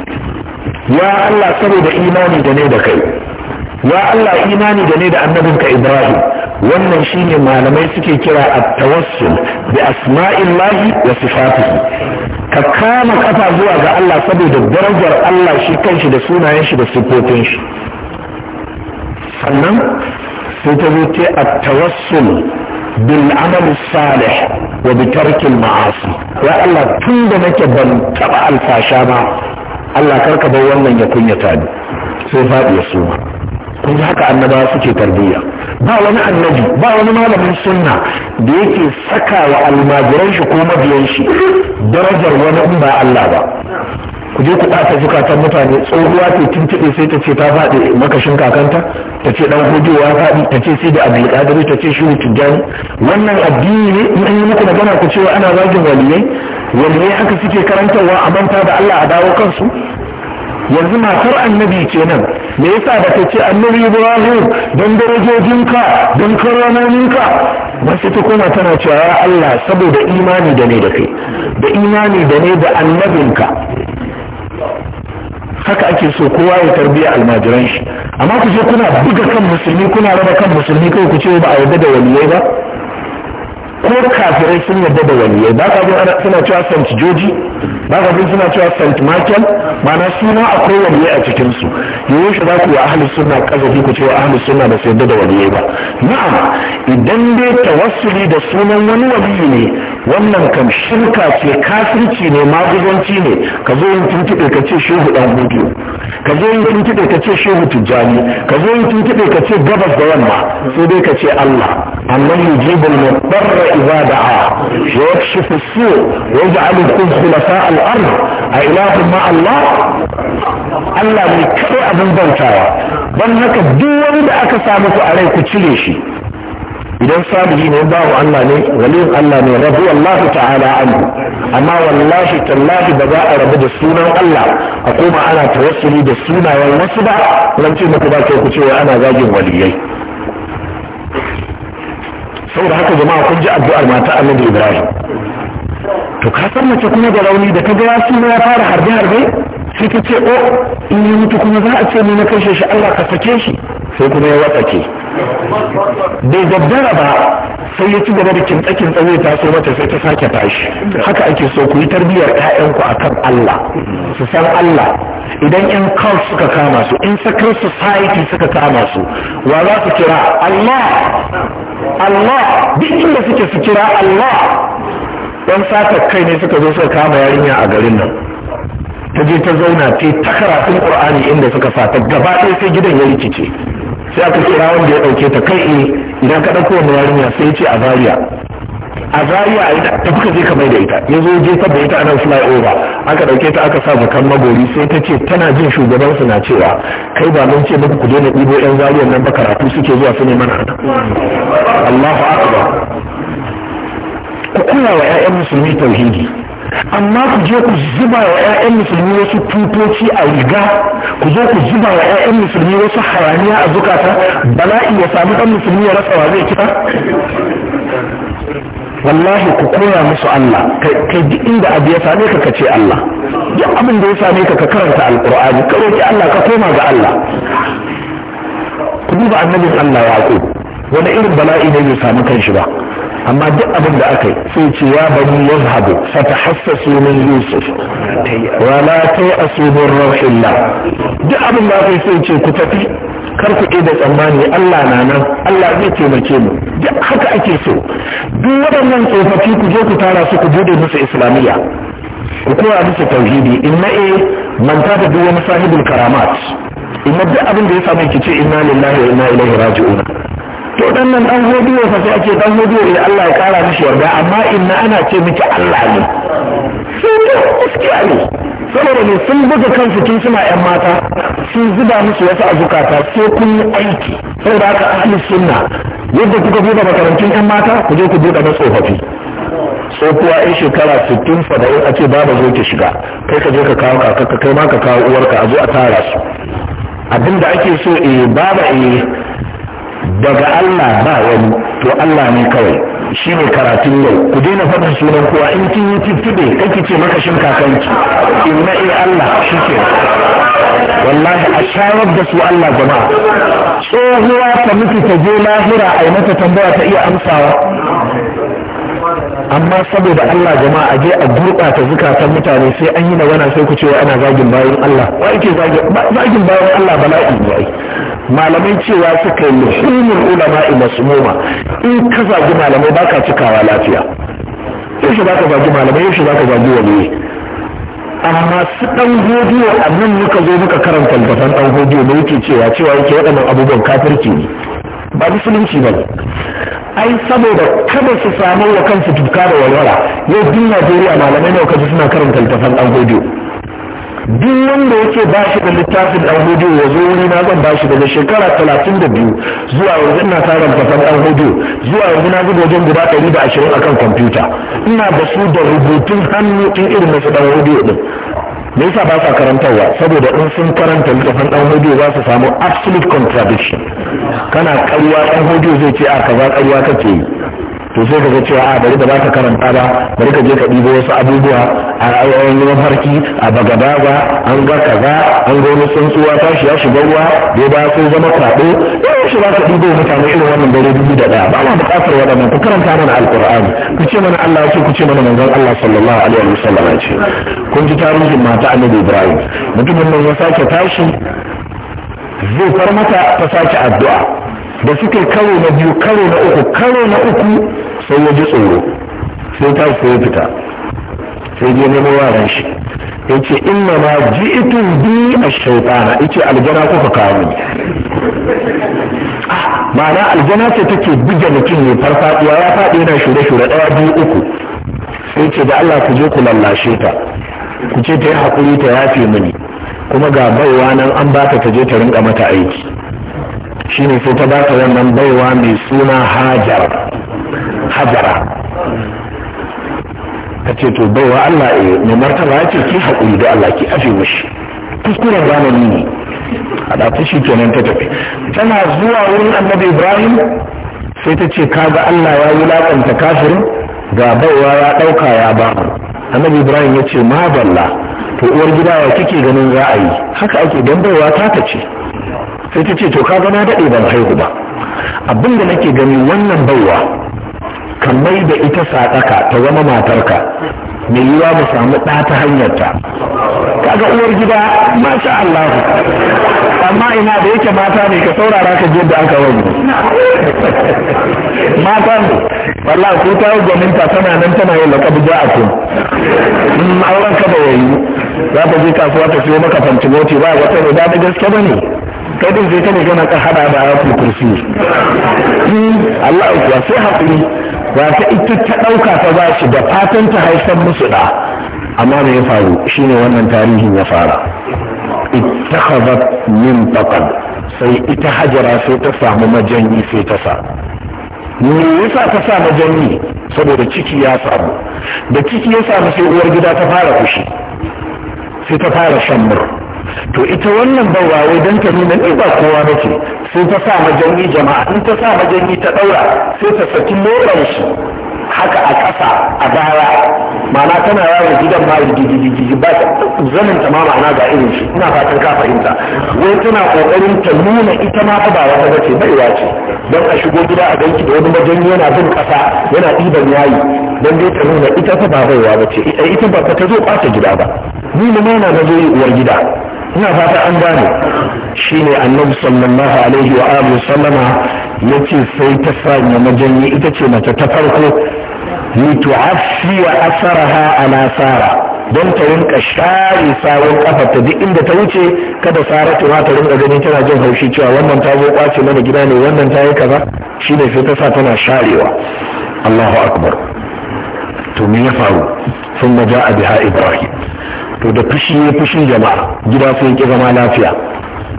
ya Allah saboda imani da ne da kai ya Allah imani da ne da annabinka Ibrahim wannan shine malamai suke kira at-tawassul bi asma'illahi wa sifatihi ka kama kafa zuwa ga Allah saboda darajar Allah shi kanshi da sunayen shi da sifofin shi sannan sai ta zo ce at-tawassul bil amal salih wa bi tarki maasi ya Allah tun da nake ban taba alfasha ba Allah karka bar wannan ya kunyata ni sai faɗi ya suma kun ji haka annaba suke tarbiyya ba wani annabi ba wani malamin sunna da yake saka wa almajiran shi ko mabiyan shi darajar wani in ba Allah ba ku je ku ɗata zukatan mutane tsohuwa ce tuntuɓe sai ta ce ta faɗi makashin kakanta ta ce ɗan hujewa faɗi ta ce sai da abu ƙadari ta ce shi tijjani wannan addini ne in an yi muku magana ku cewa ana zagin waliyai waliyai haka suke karantarwa a manta da Allah a dawo kansu yanzu matar annabi kenan me yasa ba ka ce annabi ibrahim don darajojinka don karamominka ba sai ta tana cewa ya allah saboda imani da ne da kai da imani da ne da annabinka haka ake so kowa ya tarbiya almajiran shi amma ku ce kuna buga kan musulmi kuna raba kan musulmi kai ku ce ba a yarda da waliyai ba ko kafirai sun yarda da waliyai ba ka jin suna cewa st joji ba ka jin suna cewa st michael mana suna akwai waliyai a cikin su shi za ku yi ahli sunna kazafi ku cewa ahli sunna ba su yarda da waliyai ba na'am idan dai tawassuli da sunan wani waliyi ne wannan kam shirka ce kafirci ne maguzanci ne ka zo yin tuntuɓe ka ce shehu dan hudu ka zo yin tuntuɓe ka ce shehu tijjani ka zo yin tuntuɓe ka ce gabas da yamma sai dai ka ce allah annan yujibul mudarra إذا دعا ويكشف السوء ويجعلكم خلفاء الأرض أإله مع الله Allah ne kai abin bautawa don haka duk wani da aka samu ku a rai ku cire shi idan salihi ne babu Allah ne walin Allah ne rabu wallahu ta'ala anhu amma wallahi tallafi ba za a rabu da sunan Allah a koma ana tawassuli da sunayen wasu ba nan ce muku ba kai ku ce ana zagin waliyai saboda haka jama'a kun ji addu'ar mata annabi ibrahim to ka san mace kuma da rauni da ka ga suna ya fara harbe harbe sai ka ce o oh, in yi mutu kuma za a ce ni na kashe shi Allah ka sake shi sai kuma ya watsake bai daddara ba sai ya ci gaba da kintsakin tsaye taso mata sai ta sake tashi haka ake so ku yi tarbiyyar ƴaƴanku akan Allah su san Allah idan in cult suka kama su in secret society suka kama su wa za su kira Allah Allah duk inda suke su kira Allah Ɗan sata kai ne suka zo suka kama yarinya a garin nan ta je ta zauna ce ta karatun qur'ani inda suka sa ta gaba ɗaya sai gidan ya rikice sai aka kira wanda ya ɗauke ta kai eh idan ka ɗauko wani yarinya sai ya ce a Zariya. a Zariya a ta fuka je ka mai da ita ya zo je ta ita anan fly over aka ɗauke ta aka sa zakan magori sai ta ce tana jin shugaban su na cewa kai ba mun ce muku ku daina ɗibo yan zariyan nan ba karatu suke zuwa su ne mana Allahu akbar ku kula wa 'ya'yan musulmi tauhidi amma ku je ku zuba wa 'ya'yan musulmi wasu tutoci a riga ku zo ku zuba wa 'ya'yan musulmi wasu hayaniya a zukata bala'i ya sami ɗan musulmi ya rasa wa zai kita wallahi ku koya musu Allah ka ji inda abu ya same ka kace Allah duk abin da ya same ka ka karanta alqur'ani ka roki Allah ka koma ga Allah ku duba annabin Allah yaqub wani irin bala'i ne bai samu kanshi ba amma duk abin da aka yi sai ce ya bani yazhabu fatahassasu min yusuf wa la a min rauhillah duk abin da aka yi sai ce ku tafi kar ku da tsammani Allah na nan Allah zai taimake mu duk haka ake so duk waɗannan tsofaffi ku je ku tara su ku bude musu islamiyya ku koya musu tauhidi na eh manta da duk wani sahibul karamat inna duk abin da ya samu ki ce inna lillahi wa inna ilaihi raji'un to dan nan dan hodiyo sai ake dan hodiyo ne Allah ya kara mishi yarda amma inna ana ce miki Allah ne sai to gaskiya ne saboda ne sun buga kansu tun suna yan mata sun zuba musu wasu azukata sai kun yi aiki saboda aka ahli sunna yadda kuka buga makarantun yan mata ku je ku buɗe na tsofaffi tsohuwa yan shekara 60 da a ake baba zo ki shiga kai ka je ka kawo kakarka kai ma ka kawo uwarka a zo a tara su abinda ake so eh baba eh daga Allah ba wani to Allah ne kawai shi ne karatun yau ku daina faɗin sunan kowa in kin yi tuttube kake ce makashin kakanki in na iya Allah shi ke wallahi a shayar da su Allah jama'a tsohuwa ta mutu ta je lahira a yi mata tambaya ta iya amsawa amma saboda Allah jama'a a je a gurɓata zukatan mutane sai an yi magana sai ku cewa ana zagin bayan Allah wa yake zagin bayan Allah bala'i ne malamai cewa suka yi muhimmin ulama'i masmuma in ka zagi malamai ba ka cikawa lafiya yaushe za ka zagi malamai yaushe za ka zagi wani amma su dan godiyo a nan muka zo muka karanta littafin dan godiyo da yake cewa cewa yake waɗannan abubuwan kafirci ne ba musulunci ba ai saboda kada su samu wa kansu tuka da walwala yau duk Najeriya malamai ne kaji suna karanta littafin dan godiyo duk wanda yake ba shi da littafin dan hudu ya zo wuri na zan ba shi daga shekara talatin da biyu zuwa yanzu ina tsarin fasan dan hudu zuwa yanzu na zuba wajen guda ɗari da ashirin a kan kwamfuta ina da su da rubutun hannu in irin na su dan hudu ɗin me yasa ba sa karantarwa saboda in sun karanta littafin ɗan hudu za su samu absolute contradiction kana karuwa dan hudu zai ce a kaza karuwa kake yi to sai ka kaga cewa a ah, bari da ba ka karanta ba bari ka je ka ɗibo wasu abubuwa a ayoyin yi mafarki a bagadaga an ga kaza an ga wani tsuntsuwa tashi ya shiga ruwa bai ba sun zama kwaɗo yawan eh, shi ba ka ɗibo mutane irin wannan dare dubu da ɗaya ba ma buƙatar waɗannan ku karanta mana alƙur'ani ku ce mana Allah ce ku ce mana manzon Allah sallallahu alaihi wa sallam ce kun ji tarihin mata annabi Ibrahim mutumin nan ya sake tashi zai far mata ta sake addu'a da suke karo na biyu karo na uku karo na uku sai ya ji tsoro sai ta sai fita sai je nemo yaran shi ya ce inna ma ji ji'itun bi a shaitana ya ce aljana kuka kawo ma'ana aljana ce take buga mutum ne farfaɗiya ya faɗi yana shure-shure ɗaya biyu uku sai ce da Allah ku je ku lallashe ta ku ce ta yi haƙuri ta yafe mini kuma ga baiwa nan an ba ta ta je ta rinka mata aiki shine sai ta ta wannan baiwa mai suna hajar hajara ta ce to baiwa Allah eh mai martaba ya ce ki haƙuri da Allah ki afe mashi kuskuren zamani ne a ɗata shi kenan ta tafi tana zuwa wurin annabi ibrahim sai ta ce kaga Allah ya wulaƙanta kafirin ga baiwa ya ɗauka ya ba annabi ibrahim ya ce ma balla to uwar gida wa kike ganin za a yi haka ake don baiwa ta ta ce sai ta ce to ka na daɗe ban haihu ba abin da nake gani wannan baiwa kan mai da ita sadaka ta zama matarka mai yiwa mu samu ɗa ta hanyarta kaga uwar gida masha Allah amma ina da yake mata ne ka saurara ka da aka wani mata ne wallahi ko ta gwaninta tana nan tana yin lakabi ja a kun mm, auren ka da yayi za ta je kasuwa ta siyo maka fantimoti ba wata da gaske ba ne kai zai ta ne gana ka hada hmm, da ayatul kursi Allah kuwa sai hakuri ba ta ita ta dauka ta ba shi da fatan ta haifar musu da amma me ya faru shine wannan tarihin ya fara ittakhadhat min faqad sai ita hajara sai ta samu majanyi sai ta sa me yasa ta sa majanyi saboda ciki ya samu da ciki ya samu sai uwar gida ta fara kushi sai ta fara shan mur to ita wannan bawa wai don ta nuna ni ba kowa nake sai ta sa majami jama'a in ta sa majami ta daura sai ta saki loran shi haka a ƙasa a baya ma'ana tana yawo gidan ma gigigigi ba ta zanin ta ma ma'ana ga irin shi ina fatan ka fahimta wai tana kokarin ta nuna ita ma ta ba wata bace baiwa ce don a shigo gida a ganki da wani majami yana bin ƙasa yana ɗiban yayi don dai ta nuna ita fa ba baiwa bace ita ba ta zo kasa gida ba ni na na zo yi uwar gida ina fata an gane shi ne annabi sallallahu alaihi wa alihi sallama ya ce sai ta sanya majanyi ita ce mace ta farko litu'affiya asaraha a nasara. don ta rinka share sabon kafa ta duk inda ta wuce kada sara ta ta rinka gani tana jin haushi cewa wannan ta zo kwace mana gida ne wannan ta yi kaza shi ne sai ta sa tana sharewa Allahu akbar to me ya faru sun ja a biha Ibrahim to da fushi ne fushin jama'a gida sun ki zama lafiya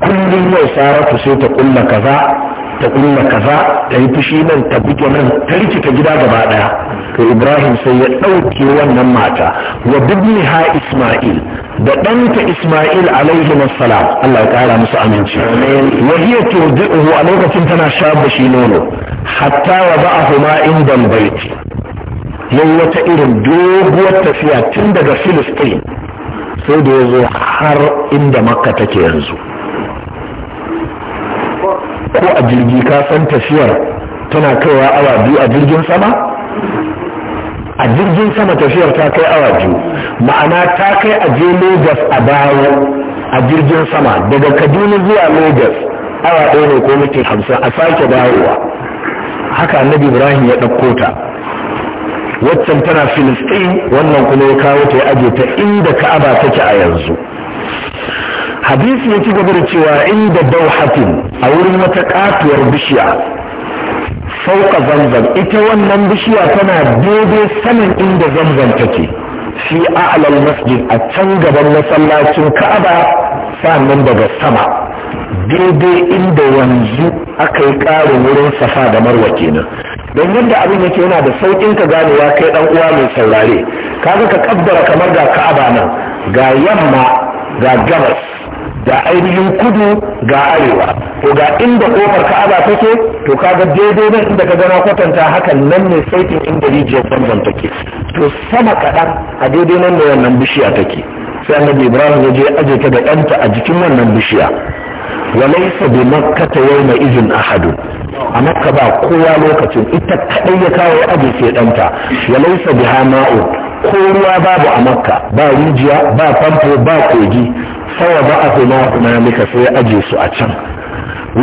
kullum yau saratu sai ta kulla kaza ta kulla kaza ta yi fushi nan ta buge nan ta rikita gida gaba daya to ibrahim sai ya ɗauke wannan mata wa bibniha isma'il da ɗanta isma'il alaihi wassalam allah ya ƙara musu aminci wa hiya turdi'uhu a lokacin tana shaba shi nono hatta wa ba'ahu ma inda bait yau wata irin doguwar tafiya tun daga filistin sai da ya zo har inda makka take yanzu ko a jirgi ka san tafiyar tana kaiwa awa biyu a jirgin sama a jirgin sama tafiyar ta kai awa biyu ma'ana ta kai a je lagos a dawo a jirgin sama daga kaduna zuwa lagos awa ɗaya ne ko mutum hamsin a sake dawowa haka annabi ibrahim ya ɗauko ta waccan tana filistin wannan kuma ya kawo ta ya aje ta inda ka'aba take a yanzu hadisi ya ci gaba da cewa inda dauhatin a wurin wata katuwar bishiya sauka zamzam ita wannan bishiya tana daidai sanin inda zamzam take fi a'lal masjid a can gaban masallacin ka'aba sannan daga sama daidai inda yanzu aka yi ƙarin wurin safa da marwa kenan don yadda abin yake yana da saukin ka ganewa kai dan uwa mai saurare kaga ka kabbara kamar ga ka'aba nan ga yamma ga gabas ga ainihin kudu ga arewa to ga inda kofar ka'aba take to kaga daidai nan inda ka gana kwatanta hakan nan ne saukin inda rijiyar zamzam take to sama kaɗan a daidai nan da wannan bishiya take sai annabi ibrahim ya je aje ta da ɗanta a jikin wannan bishiya walaisa bi makkata yawma izin ahadun a makka ba kowa lokacin ita kaɗai ya kawo abu sai ɗanta walaisa bi hama'u ko ruwa babu a makka ba rijiya ba famfo ba koji, sawa ba a kuma kuma sai aje su a can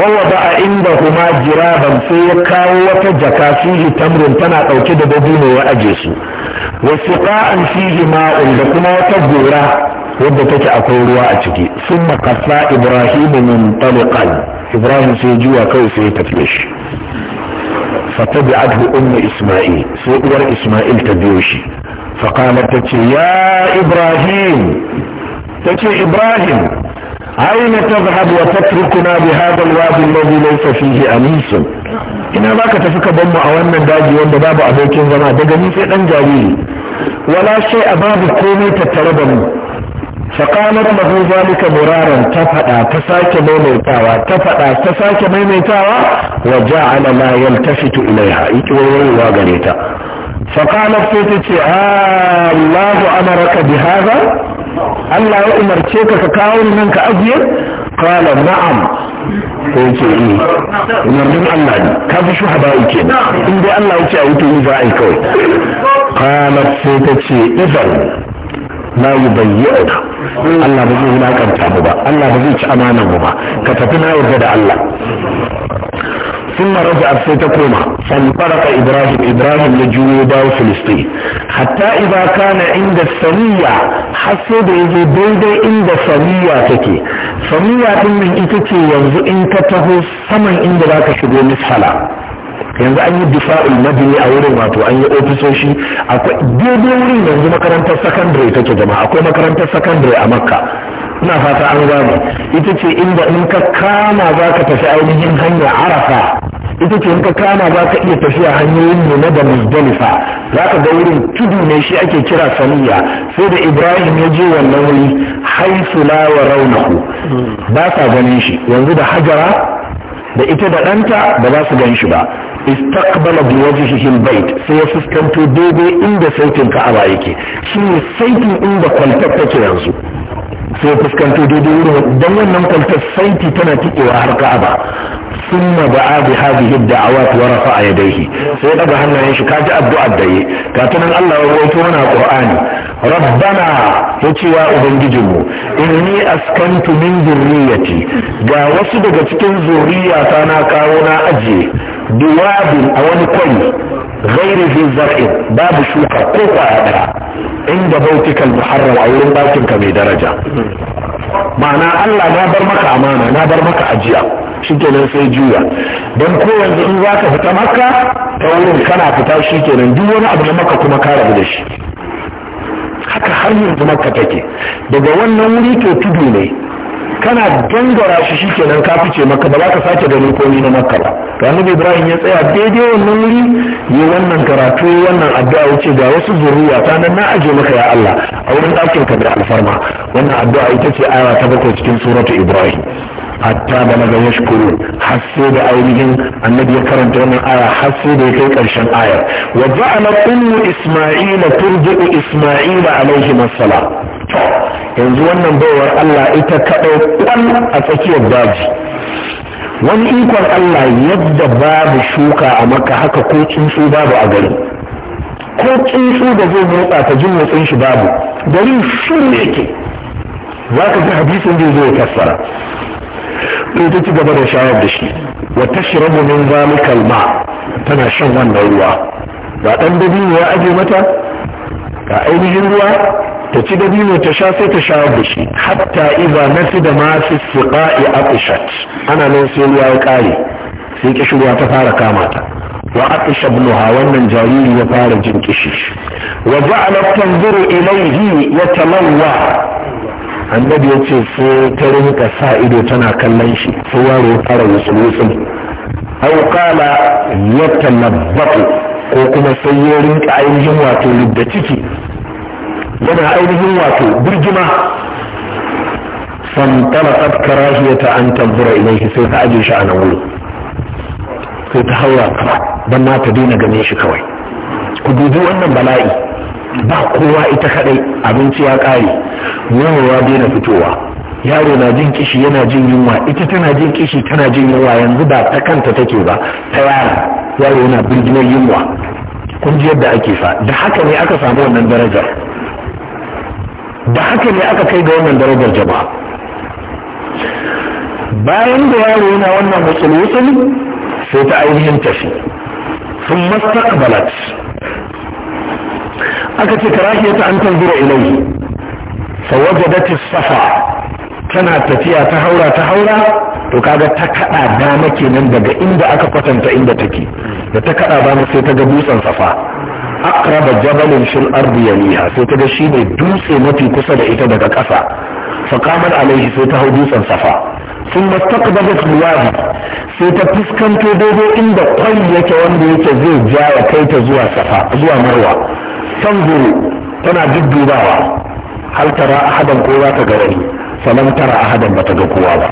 wawa ba a inda kuma jiraban sai ya kawo wata jaka fihi tamrin tana ɗauke da dabino ya aje su wasu ƙa'an fihi ma'un da kuma wata gora wadda take akwai ruwa a ciki sun makasa ibrahimu min taliqan ibrahim sai juwa kawai sai ya tafiye shi isma'il isma'il sai uwar فتبعته ام اسماعيل سؤور اسماعيل تبيوشي فقالت تتي يا ابراهيم تتي ابراهيم wa تذهب bi بهذا الوادي الذي ليس fihi انيس ina baka tafi ka bamu a wannan daji wanda babu abokin zama daga ni sai dan jariri wala shay'a babu komai tattare da mu faƙalar lahu zalika muraran ta faɗa ta sake maimaitawa ta faɗa ta sake maimaitawa wa ja'ala la yaltafitu ilaiha ikiwayowa gare ta faƙalar sai ta ce Allahu amaraka bi hadha Allah ya umarce ka ka kawo nan ka ajiye qala na'am ko ce eh umarnin Allah ne ka fi shuhada'i ke in dai Allah ya ce a yi to za a yi kawai qalat sai ta ce idan na yi bayyana Allah ba zai wulakanta mu ba Allah ba zai ci amanan mu ba ka tafi na yarda da Allah sunna raja'a sai ta koma san faraka ibrahim ibrahim da juyo bawo filistin hatta idza kana inda samiya har sai da yaje daidai inda samiyya take samiyya din nan ita ce yanzu in ka taho saman inda zaka shigo mishala yanzu an yi difa'ul madini a wurin wato an yi ofisoshi akwai daidai wurin yanzu makarantar sakandare take jama'a akwai makarantar sakandare a makka ina fata an gane ita ce inda in ka kama za ka tafi ainihin hanya arafa ita ce in ka kama za ka iya tafiya hanyoyin nuna da musdalifa za ka ga wurin tudu ne shi ake kira saniya sai da ibrahim ya je wannan wuri haisu la wa raunahu ba sa ganin shi yanzu da hajara da ita da ɗanta ba za su gan shi ba istaqbala bi wajhihi albayt sai ya fuskanto daidai inda saitin ka'aba yake shine saitin inda kwaltar take yanzu sai fuskanto daidai wurin dan wannan kwaltar saiti tana tikewa har ka'aba summa da'a hidda hadhihi ad-da'awat wa rafa'a yadayhi sai daga hannayen shi kaji addu'ar da yi ga tunan Allah ya rawaito mana Qur'ani rabbana yace wa ubangijinmu inni askantu min dhurriyyati ga wasu daga cikin zuriya ta na kawo na ajiye duwabin a wani kwari gairi zai babu shuka ko kwaya daya inda bautikal muharram a wurin bakinka mai daraja ma'ana Allah na bar maka amana na bar maka ajiya shi sai juya don ko yanzu in za ka fita maka ta wurin kana fita shi kenan duk wani abu na maka kuma ka rabu da shi haka har yanzu maka take daga wannan wuri to tudu ne kana gangara shi shikenan ka fice maka ba za ka sake ko ni na maka ba to annabi ibrahim ya tsaya daidai wannan wuri yi wannan karatu wannan addu'a wuce ga wasu zuriya ta nan na aje maka ya Allah a wurin ɗakin ka da alfarma wannan addu'a ita ce aya ta bakwai cikin suratu ibrahim hatta da naga ya har sai da ainihin annabi ya karanta wannan aya har sai da ya kai karshen aya wa ja'ala ummu isma'ila turji'u isma'ila alaihi assalam yanzu wannan baiwar Allah ita kaɗai ƙwan a tsakiyar daji wani ikon Allah yadda babu shuka a maka haka ko tsuntsu babu a gari ko tsuntsu da zai motsa ta jin motsin shi babu gari shiru yake za ka ji hadisin da zai fassara to ta ci gaba da shayar da shi wa tashrabu min zalika alma tana shan wannan ruwa ga dan dabino ya aje mata ga ainihin ruwa ta ci dabino ta sha sai ta sha gushi hatta iza fi da masu a aqshat ana nan sai ruwa ya kare sai kishirwa ta fara kama ta wa aqsha ibnuha wannan jariri ya fara jin kishi wa ja'alat tanzuru ilayhi wa talawwa annabi ya ce sai ta rinka sa ido tana kallon shi sai yaro ya fara wusul-wusul au kala ya talabbatu ko kuma sai ya rinka ainihin wato da ciki yana ainihin wato birgima fantalaqat karahiyata an tanzura ilayhi sai ta aje shi a nan wuri sai ta haura kafa don na ta daina ganin shi kawai ku dubi wannan bala'i ba kowa ita kadai abinci ya kare yawa daina fitowa yaro na jin kishi yana jin yunwa ita tana jin kishi tana jin yunwa yanzu ba ta kanta take ba ta yara yaro na birginar yunwa kun ji yadda ake fa da haka ne aka samu wannan darajar da haka ne aka kai ga wannan darajar jama'a bayan da yaro yana wannan wutsul wutsul sai ta ainihin tafi sun balat. aka ce karahiyata an tanzura ilai fawajadat safa tana tafiya ta haura ta haura to kaga ta kada dama kenan daga inda aka kwatanta inda take da ta kada dama sai ta ga busan safa aqraba jabalin fil ardi yaliha sai ta ga shine dutse mafi kusa da ita daga ƙasa fa qamat alaihi sai ta hau dutsen safa thumma istaqbalat liwadi sai ta fuskanto daidai inda kwai yake wanda yake zai ja ya kai ta zuwa safa zuwa marwa tanzuru tana duddubawa hal tara ahadan kowa ta ga wani sanan tara ahadan bata ga kowa ba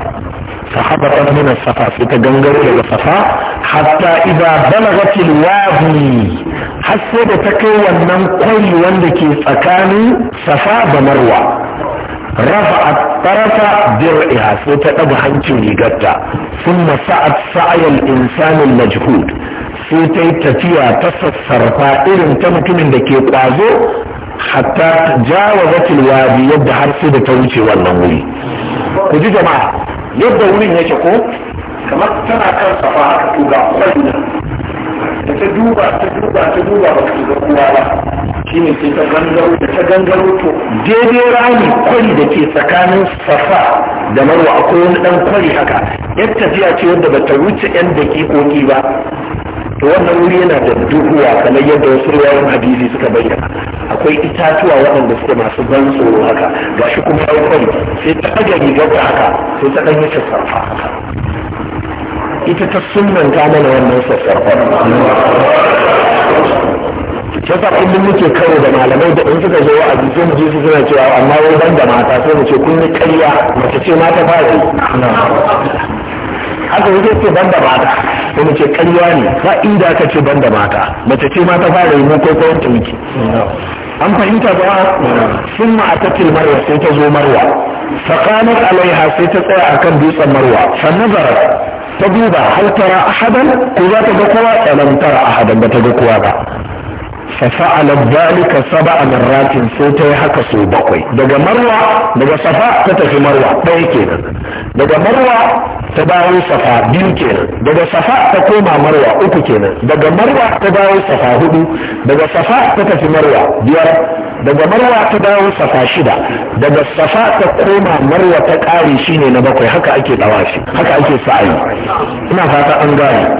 فهبط من الصفا ستجنجر إلى الصفا حتى إذا بلغت الوادي حسب تكوى النمقل وندك سكان صفا بمروة رفعت طرف درعها ستتبع حنكي قتا ثم سعت سعي الإنسان المجهود ستتفيا تسسر فائر تمكن لكي قازو hatta jawazatil wadi yadda har sai da ta wuce wannan wuri ku ji jama'a yadda wurin yake ko kamar tana kan safa haka to ga kwanya da ta duba ta duba ta duba ba ta ga kowa ba ne sai ta gangaro da ta gangaro to daidai rami kwari da ke tsakanin safa da marwa akwai wani dan kwari haka yadda ta ce wadda ba ta wuce yan dakikoki ba to wannan wuri yana da duhuwa kamar yadda wasu ruwayan hadisi suka bayyana akwai itatuwa waɗanda suke masu ban tsoro haka gashi kuma ya kwari sai ta ɗaga rigar da haka sai ta ɗanyi sassarfa haka ita ta sunanta mana wannan sassarfa sa kullum muke karo da malamai da in suka zo a jikin ji suna cewa amma wai ban da mata sai mu ce kun yi karya mace ce mata fara haka yake ce ban da mata da mace karya ne ba inda aka ce ban da mata mace ce ma ta fara yi ko kawai ta wuce an fahimta ba sun ma a tattil marwa sai ta zo marwa faƙanar alaiha sai ta tsaya akan dutsen marwa sannan ta duba hal tara ahadan ko za ta ga kowa tsanan tara ahadan ba ta ga kowa ba fa fa'ala dhalika sab'a marratin sai ta yi haka sau bakwai daga marwa daga safa ta tafi marwa ɗaya kenan daga marwa ta dawo safa biyu kenan daga safa ta koma marwa uku kenan daga marwa ta dawo safa daga safa ta tafi marwa biyar daga marwa ta dawo safa shida daga safa ta koma marwa ta ƙari shine na bakwai haka ake dawashi haka ake sa'ayi ina fata an gane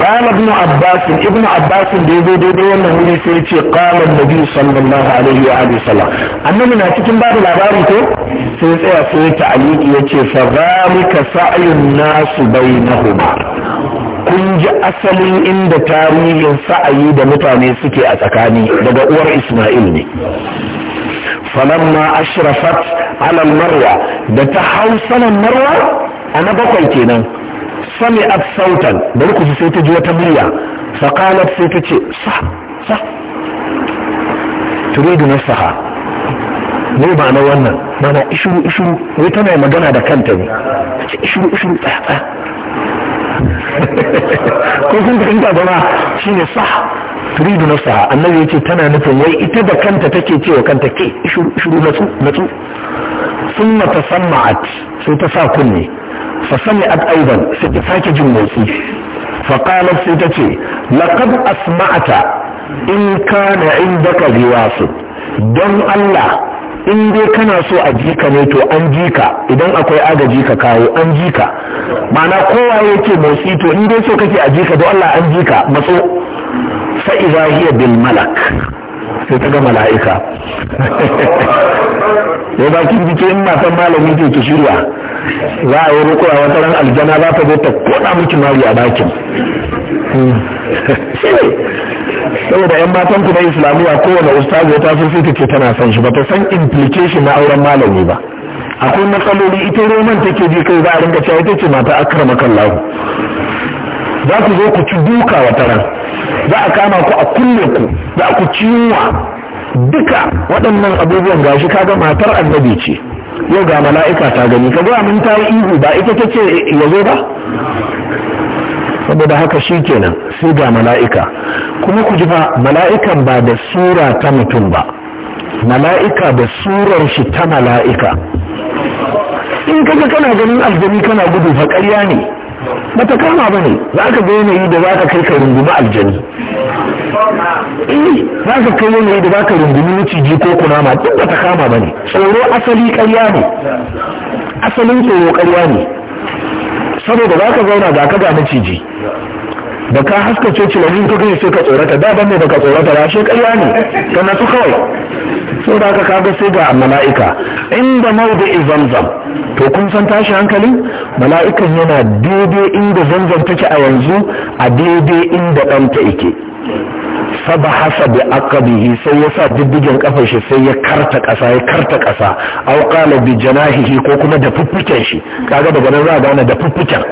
قال ابن Abbas Ibn Abbas دي دي دي, دي, ne sai ce qala annabi sallallahu alaihi wa alihi sallam annabi na cikin babu labari ko sai tsaya sai ta'aliki yace fa ka sa'yun nasu bainahuma kun ji asalin inda tarihin sa'ayi da mutane suke a tsakani daga uwar Isma'il ne falamma ashrafat ala marwa da ta hau saman marwa a na bakwai kenan sami'at sautan da ku sai ta ji wata murya faqalat sai ta ce sa sa turidu nasaha ne ma'anar wannan mana ishuru ishuru wai tana magana da kanta ne ishuru ishuru tsaya ko kun fahimta ba ma shine sah turidu nasaha annabi yace tana nufin wai ita da kanta take cewa kanta ke ishuru ishuru natsu natsu summa tasamma'at sai ta sa kunne fa sami'at aidan sai ta sake jin motsi fa qalat sai ta ce asma'ata in kana indaka su, don Allah in dai kana so a jika ne to an jika idan akwai agaji ka kawo an jika mana kowa yake motsi to in dai so kake a jika don Allah an jika matso sai zahiyar malak sai ta ga mala'ika ya ba ki bi in ma san malami ke ki shirya za a yi rukuwa wata ran aljana za ta zo ta koda miki mari a bakin saboda yan matan ku na islamiyya kowane ustazi ta sai ta ce tana san shi ba ta san implication na auren malami ba akwai matsaloli ita roman take ji kai za a ringa cewa ita ce mata akrama kallahu za ku zo ku ci duka wata ran za a kama ku a kulle ku za ku ciwa duka waɗannan abubuwan gashi kaga matar annabi ce yau ga mala'ika ta gani ka ga mun ta ihu ba ita ta ce ya zo ba saboda haka shi kenan sai ga mala'ika kuma ku ji ba mala'ikan ba da sura ta mutum ba mala'ika da surar shi ta mala'ika in kaga kana ganin aljani kana gudu fa ƙarya ne ba ta kama ba ne za ka ga yanayi da za ka kai ka rungumi aljani eh za ka kai yanayi da za ka rungumi maciji ko kunama duk ba ta kama ba ne tsoro asali karya ne asalin tsoro karya ne saboda za ka zauna ga ka ga maciji. Ba ka haska coci da ka kai sai ka tsorata da ban ne baka tsorata ba shi ƙarya ne ta nasu kawai so da ka kaga sai ga mala'ika inda maudu zamzam to kun san tashi hankali mala'ikan yana daidai inda zamzam take a yanzu a daidai inda ɗanta yake saba hasa bi aqabihi sai ya sa diddigen kafar shi sai ya karta kasa ya karta kasa aw qala bi janahihi ko kuma da fuffuken shi kaga daga nan za a gane da fuffuken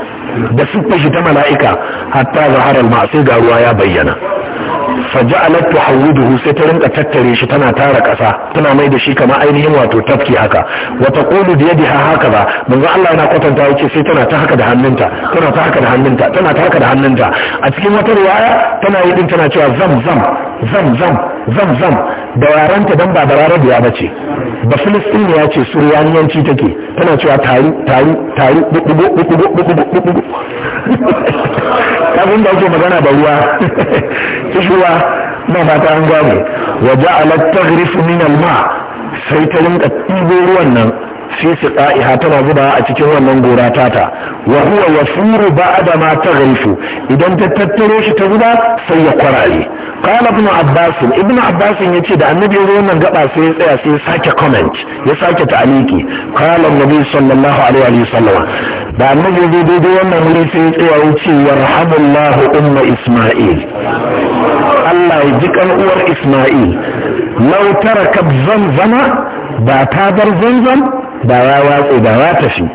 da siffar shi ta mala'ika hatta zahara al sai ga ruwa ya bayyana faja'alat tuhawwiduhu sai ta rinka tattare shi tana tara kasa tana mai da shi kamar ainihin wato tafki haka wa taqulu bi yadiha ba, manzo Allah yana kwatanta yake sai tana ta haka da hannunta tana ta haka da hannunta tana ta haka da hannunta a cikin wata riwaya tana yi din tana cewa zam zam zam zam zam zam da yaranta dan ba da rarabiya bace ba filistini ya ce suryaniyanci take tana cewa taru taru taru abin da ake magana ba ruwa kishuwa ba mata an gane wa ja'alat taghrifu min al-ma sai ta rinka ɗibo ruwan nan fi siqa'iha tana zuba a cikin wannan gora tata wa huwa yasuru ba'da ma taghrifu idan ta tattaro shi ta zuba sai ya kwarare qala ibn abbas ibn abbas yace da annabi ya wannan gaba sai ya tsaya sai ya sake comment ya sake ta'aliki qala annabi sallallahu alaihi wa sallam da annabi ya daidai wannan wuri sai ya tsaya yace yarhamullahu umma isma'il Allah ya ji kan uwar Isma'il lau zan zama ba ta bar zanzan da ya watse da ya tafi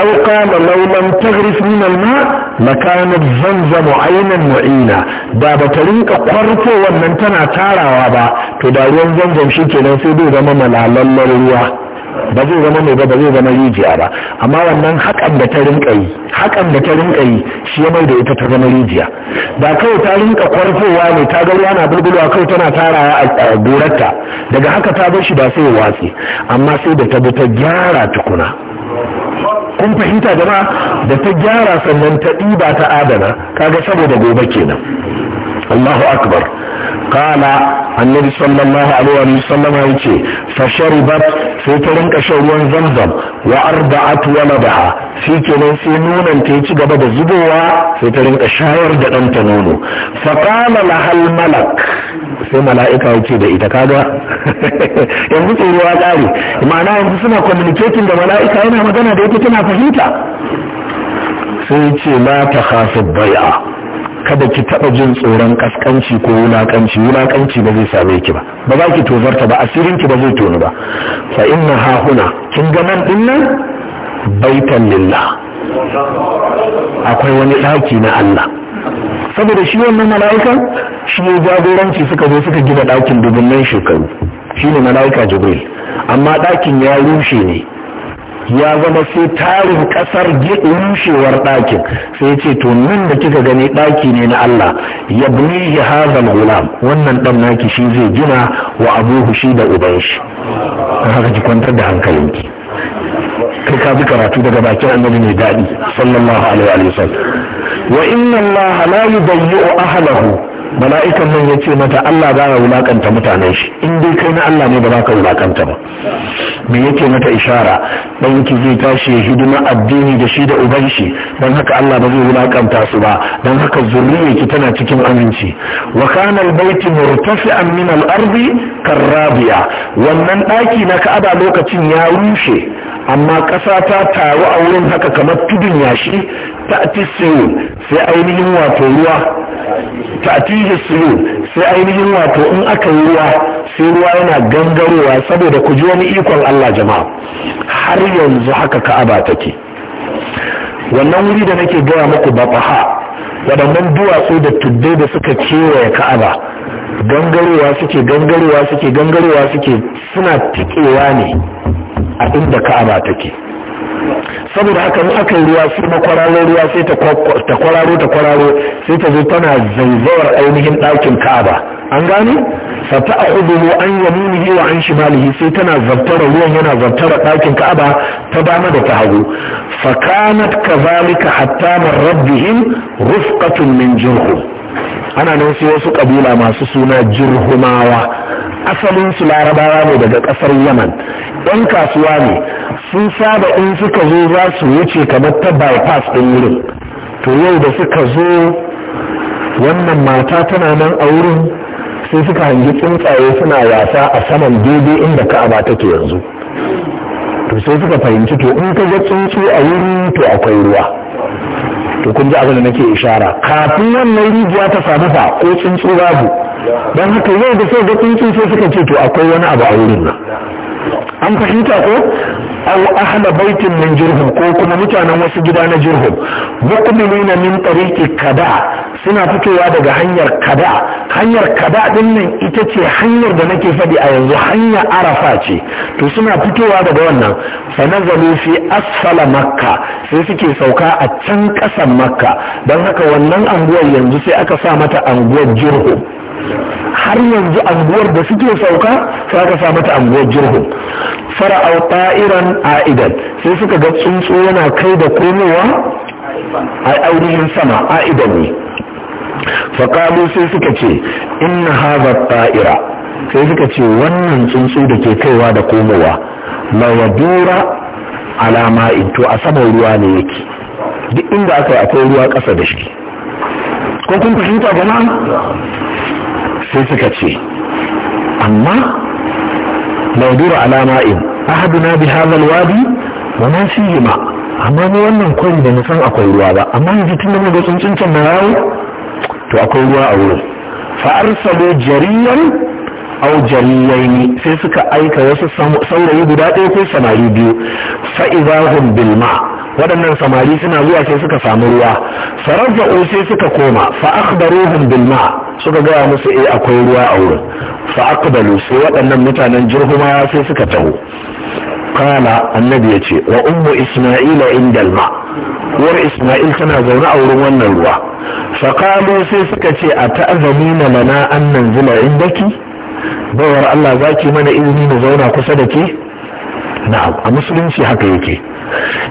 aw qala law lam taghrif ma lakanat zanzam aynan mu'ina ba ta rinka kwarfo wannan tana tarawa ba to da ruwan zanzam nan sai dai zama malalallar ruwa ba zai zama mai ba ba zai zama rijiya ba amma wannan hakan da ta rinka yi hakan da ta rinka yi shi ya mai da ita ta zama rijiya ba kawai ta rinka kwarfowa ne ta ga ruwa na bulbulwa kawai tana tarawa a gorarta daga haka ta bar shi ba sai ya watsi. amma sai da ta bi ta gyara tukuna kun fahimta jama'a da ta gyara sannan ta ɗiba ta adana kaga saboda gobe kenan Allahu akbar qala annabi sallallahu alaihi wa sallam ya sai ta rinka shan ruwan zamzam wa arba'at waladaha shi nan sai nonon ta ci gaba da zubowa sai ta rinka shayar da ɗanta nono fa qala lahal malak sai mala'ika ya da ita kaga yanzu tsoro ya tsare ma'ana yanzu suna communicating da mala'ika yana magana da ita tana fahimta sai ce la ta khafid bai'a kada ki taɓa jin tsoron kaskanci ko wulakanci wulakanci ba zai same ki ba ba za ki tozarta ba asirin ki ba zai tonu ba fa inna ha huna kin ga nan din nan baitan lillah akwai wani ɗaki na Allah saboda shi wannan mala'ika shi ne jagoranci suka zo suka gina dakin dubunnan shekaru shi ne mala'ika jibril amma ɗakin ya rushe ne ya zama sai tarin kasar rushewar ɗakin sai ya ce to nan da kika gani ɗaki ne na Allah ya bni ya hazal gulam wannan ɗan naki shi zai gina wa abuhu shi da uban shi haka ki kwantar da hankalinki kai ka bi karatu daga bakin annabi mai daɗi sallallahu alaihi wa sallam wa inna Allah la yubayyi'u ahlahu mala'ikan nan ya ce mata Allah ba ya wulakanta mutanen shi in dai kai na Allah ne ba za ka wulakanta ba me yake mata ishara dan ki zai tashi ya hidima addini da shi da uban shi dan haka Allah ba zai wulakanta su ba dan haka zuriyar ki tana cikin aminci wa kana albayt murtafi'an min al-ardi wannan daki na Ka'aba lokacin ya rushe amma ƙasa ta taru a wurin haka kamar tudun yashi Tati suyul sai ainihin wato ruwa sai ainihin wato in aka yi ruwa sai ruwa yana gangarowa saboda ku ji wani ikon Allah jama'a har yanzu haka ka'aba take wannan wuri da nake gaya muku bafaha waɗannan duwatsu da tuddai da suka kewaye ka'aba gangarowa suke gangarowa suke gangarowa suke suna tikewa ne a inda ka'aba take saboda haka mu aka yi ruwa sai makwararo ruwa sai ta kwararo ta kwararo sai ta zo tana zaizawar ainihin ɗakin ka'aba an gane fata a hudubu an yaminihi wa an shimalihi sai tana zartara ruwan yana zartara ɗakin ka'aba ta dama da ta hagu fakanat kazalika hatta min rabbihim rufqatun min jirhum ana nan sai wasu kabila masu suna jirhumawa asalin su larabawa ne daga kasar yaman yan kasuwa ne sun saba in suka zo za su wuce kamar ta bypass ɗin wurin to yau da suka zo wannan mata tana nan a wurin sai suka hangi tsuntsaye suna yasa a saman daidai inda ka'aba take yanzu to sai suka fahimci to in ka ga tsuntsu a wurin to akwai ruwa to kun ji abin da nake ishara kafin wannan rijiya ta samu fa ko tsuntsu babu don haka yau da sai ga tsuntsu sai suka ce to akwai wani abu a wurin nan an fahimta ko aw ahla baitin min jirhum ko kuma mutanen wasu gida na jirhum mu'minina min tariqi kada suna fitowa daga hanyar kada hanyar kada din nan ita ce hanyar da nake faɗi a yanzu hanyar arafa ce to suna fitowa daga wannan fa fi asfala makka sai suke sauka a can ƙasan makka don haka wannan anguwar yanzu sai aka sa mata anguwar jirgin har yanzu anguwar da suke sauka sai aka sa mata anguwar jirhu fara'au ta'iran a'idan sai suka ga tsuntsu yana kai da komowa a ainihin sama a'idan ne faƙalu sai suka ce inna haza ta'ira sai suka ce wannan tsuntsu da ke kaiwa da komowa la yadura alama to a saman ruwa ne yake duk inda aka yi akwai ruwa ƙasa da shi ko kun fahimta jama'a sai suka ce amma la yadura alama in ahaduna bi hadha alwadi wa ma fihi ma amma ni wannan kwari da na san akwai ruwa ba amma yanzu tun da mun ga tsuntsun can na yawo to akwai ruwa a wurin fa'arsalo jariyan au jariyaini sai suka aika wasu saurayi guda ɗaya ko samari biyu fa'izahun bilma waɗannan samari suna zuwa sai suka samu ruwa sarrafa'u sai suka koma fa'akbaruhun bilma suka gaya musu eh akwai ruwa a wurin fa'akbalu sai waɗannan mutanen jirhuma sai suka taho kala annabi ya ce wa ummu isma'ila indal ma uwar isma'il tana zaune a wurin wannan ruwa faƙalo sai suka ce a na lana an nanzila indaki bawar Allah za ki mana izini na zauna kusa da ke na'am a musulunci haka yake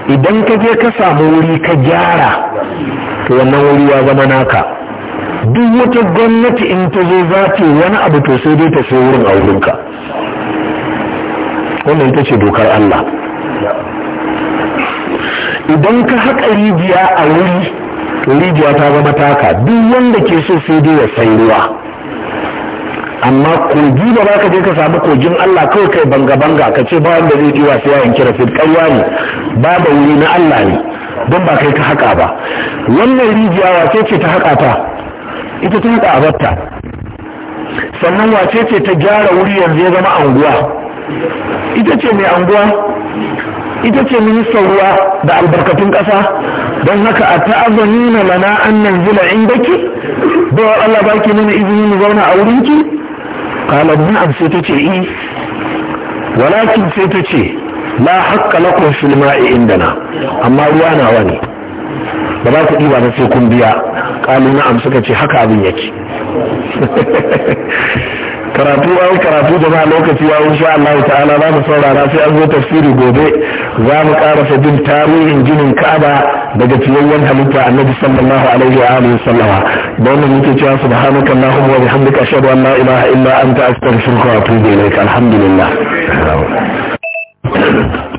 idan ka je ka samu wuri ka gyara to wannan wuri ya zama naka duk wata gwamnati in ta zo za ta wani abu to sai dai ta sai wurin a wurinka wannan ita ce dokar Allah idan ka haƙa rijiya a wuri rijiya ta zama taka duk wanda ke so sai dai ya sai ruwa amma kogi da ba ka je ka samu kogin Allah kawai kai banga-banga ka ce ba wanda zai kiwa sai yawan kira fit ƙarya ne babu wuri na Allah ne don ba kai ka haƙa ba wannan rijiya wace ce ta haƙa ta ita ta haƙa a sannan wace ce ta gyara wuri yanzu ya zama anguwa ita ce mai anguwa ita ce ministan ruwa da albarkatun ƙasa don haka a ta'azani na lana an nan zila in baki bawa Allah baki nuna izini mu zauna a wurinki kalan na'am sai ta ce i eh. walakin sai ta ce la haƙƙa lakum fil inda indana amma ruwa na wani. ba za ku ɗiba na sai kun biya kalu na'am suka ce haka abin yake karatu an karatu jama'a lokaci ya insha Allah ta'ala za mu saurara sai an zo tafsiri gobe za mu karasa bin tarihin ginin Ka'aba daga ciyayyen halitta Annabi sallallahu alaihi wa alihi sallama don mu muke cewa subhanaka allahumma wa bihamdika ashhadu an la ilaha illa anta astaghfiruka wa atubu ilaik alhamdulillah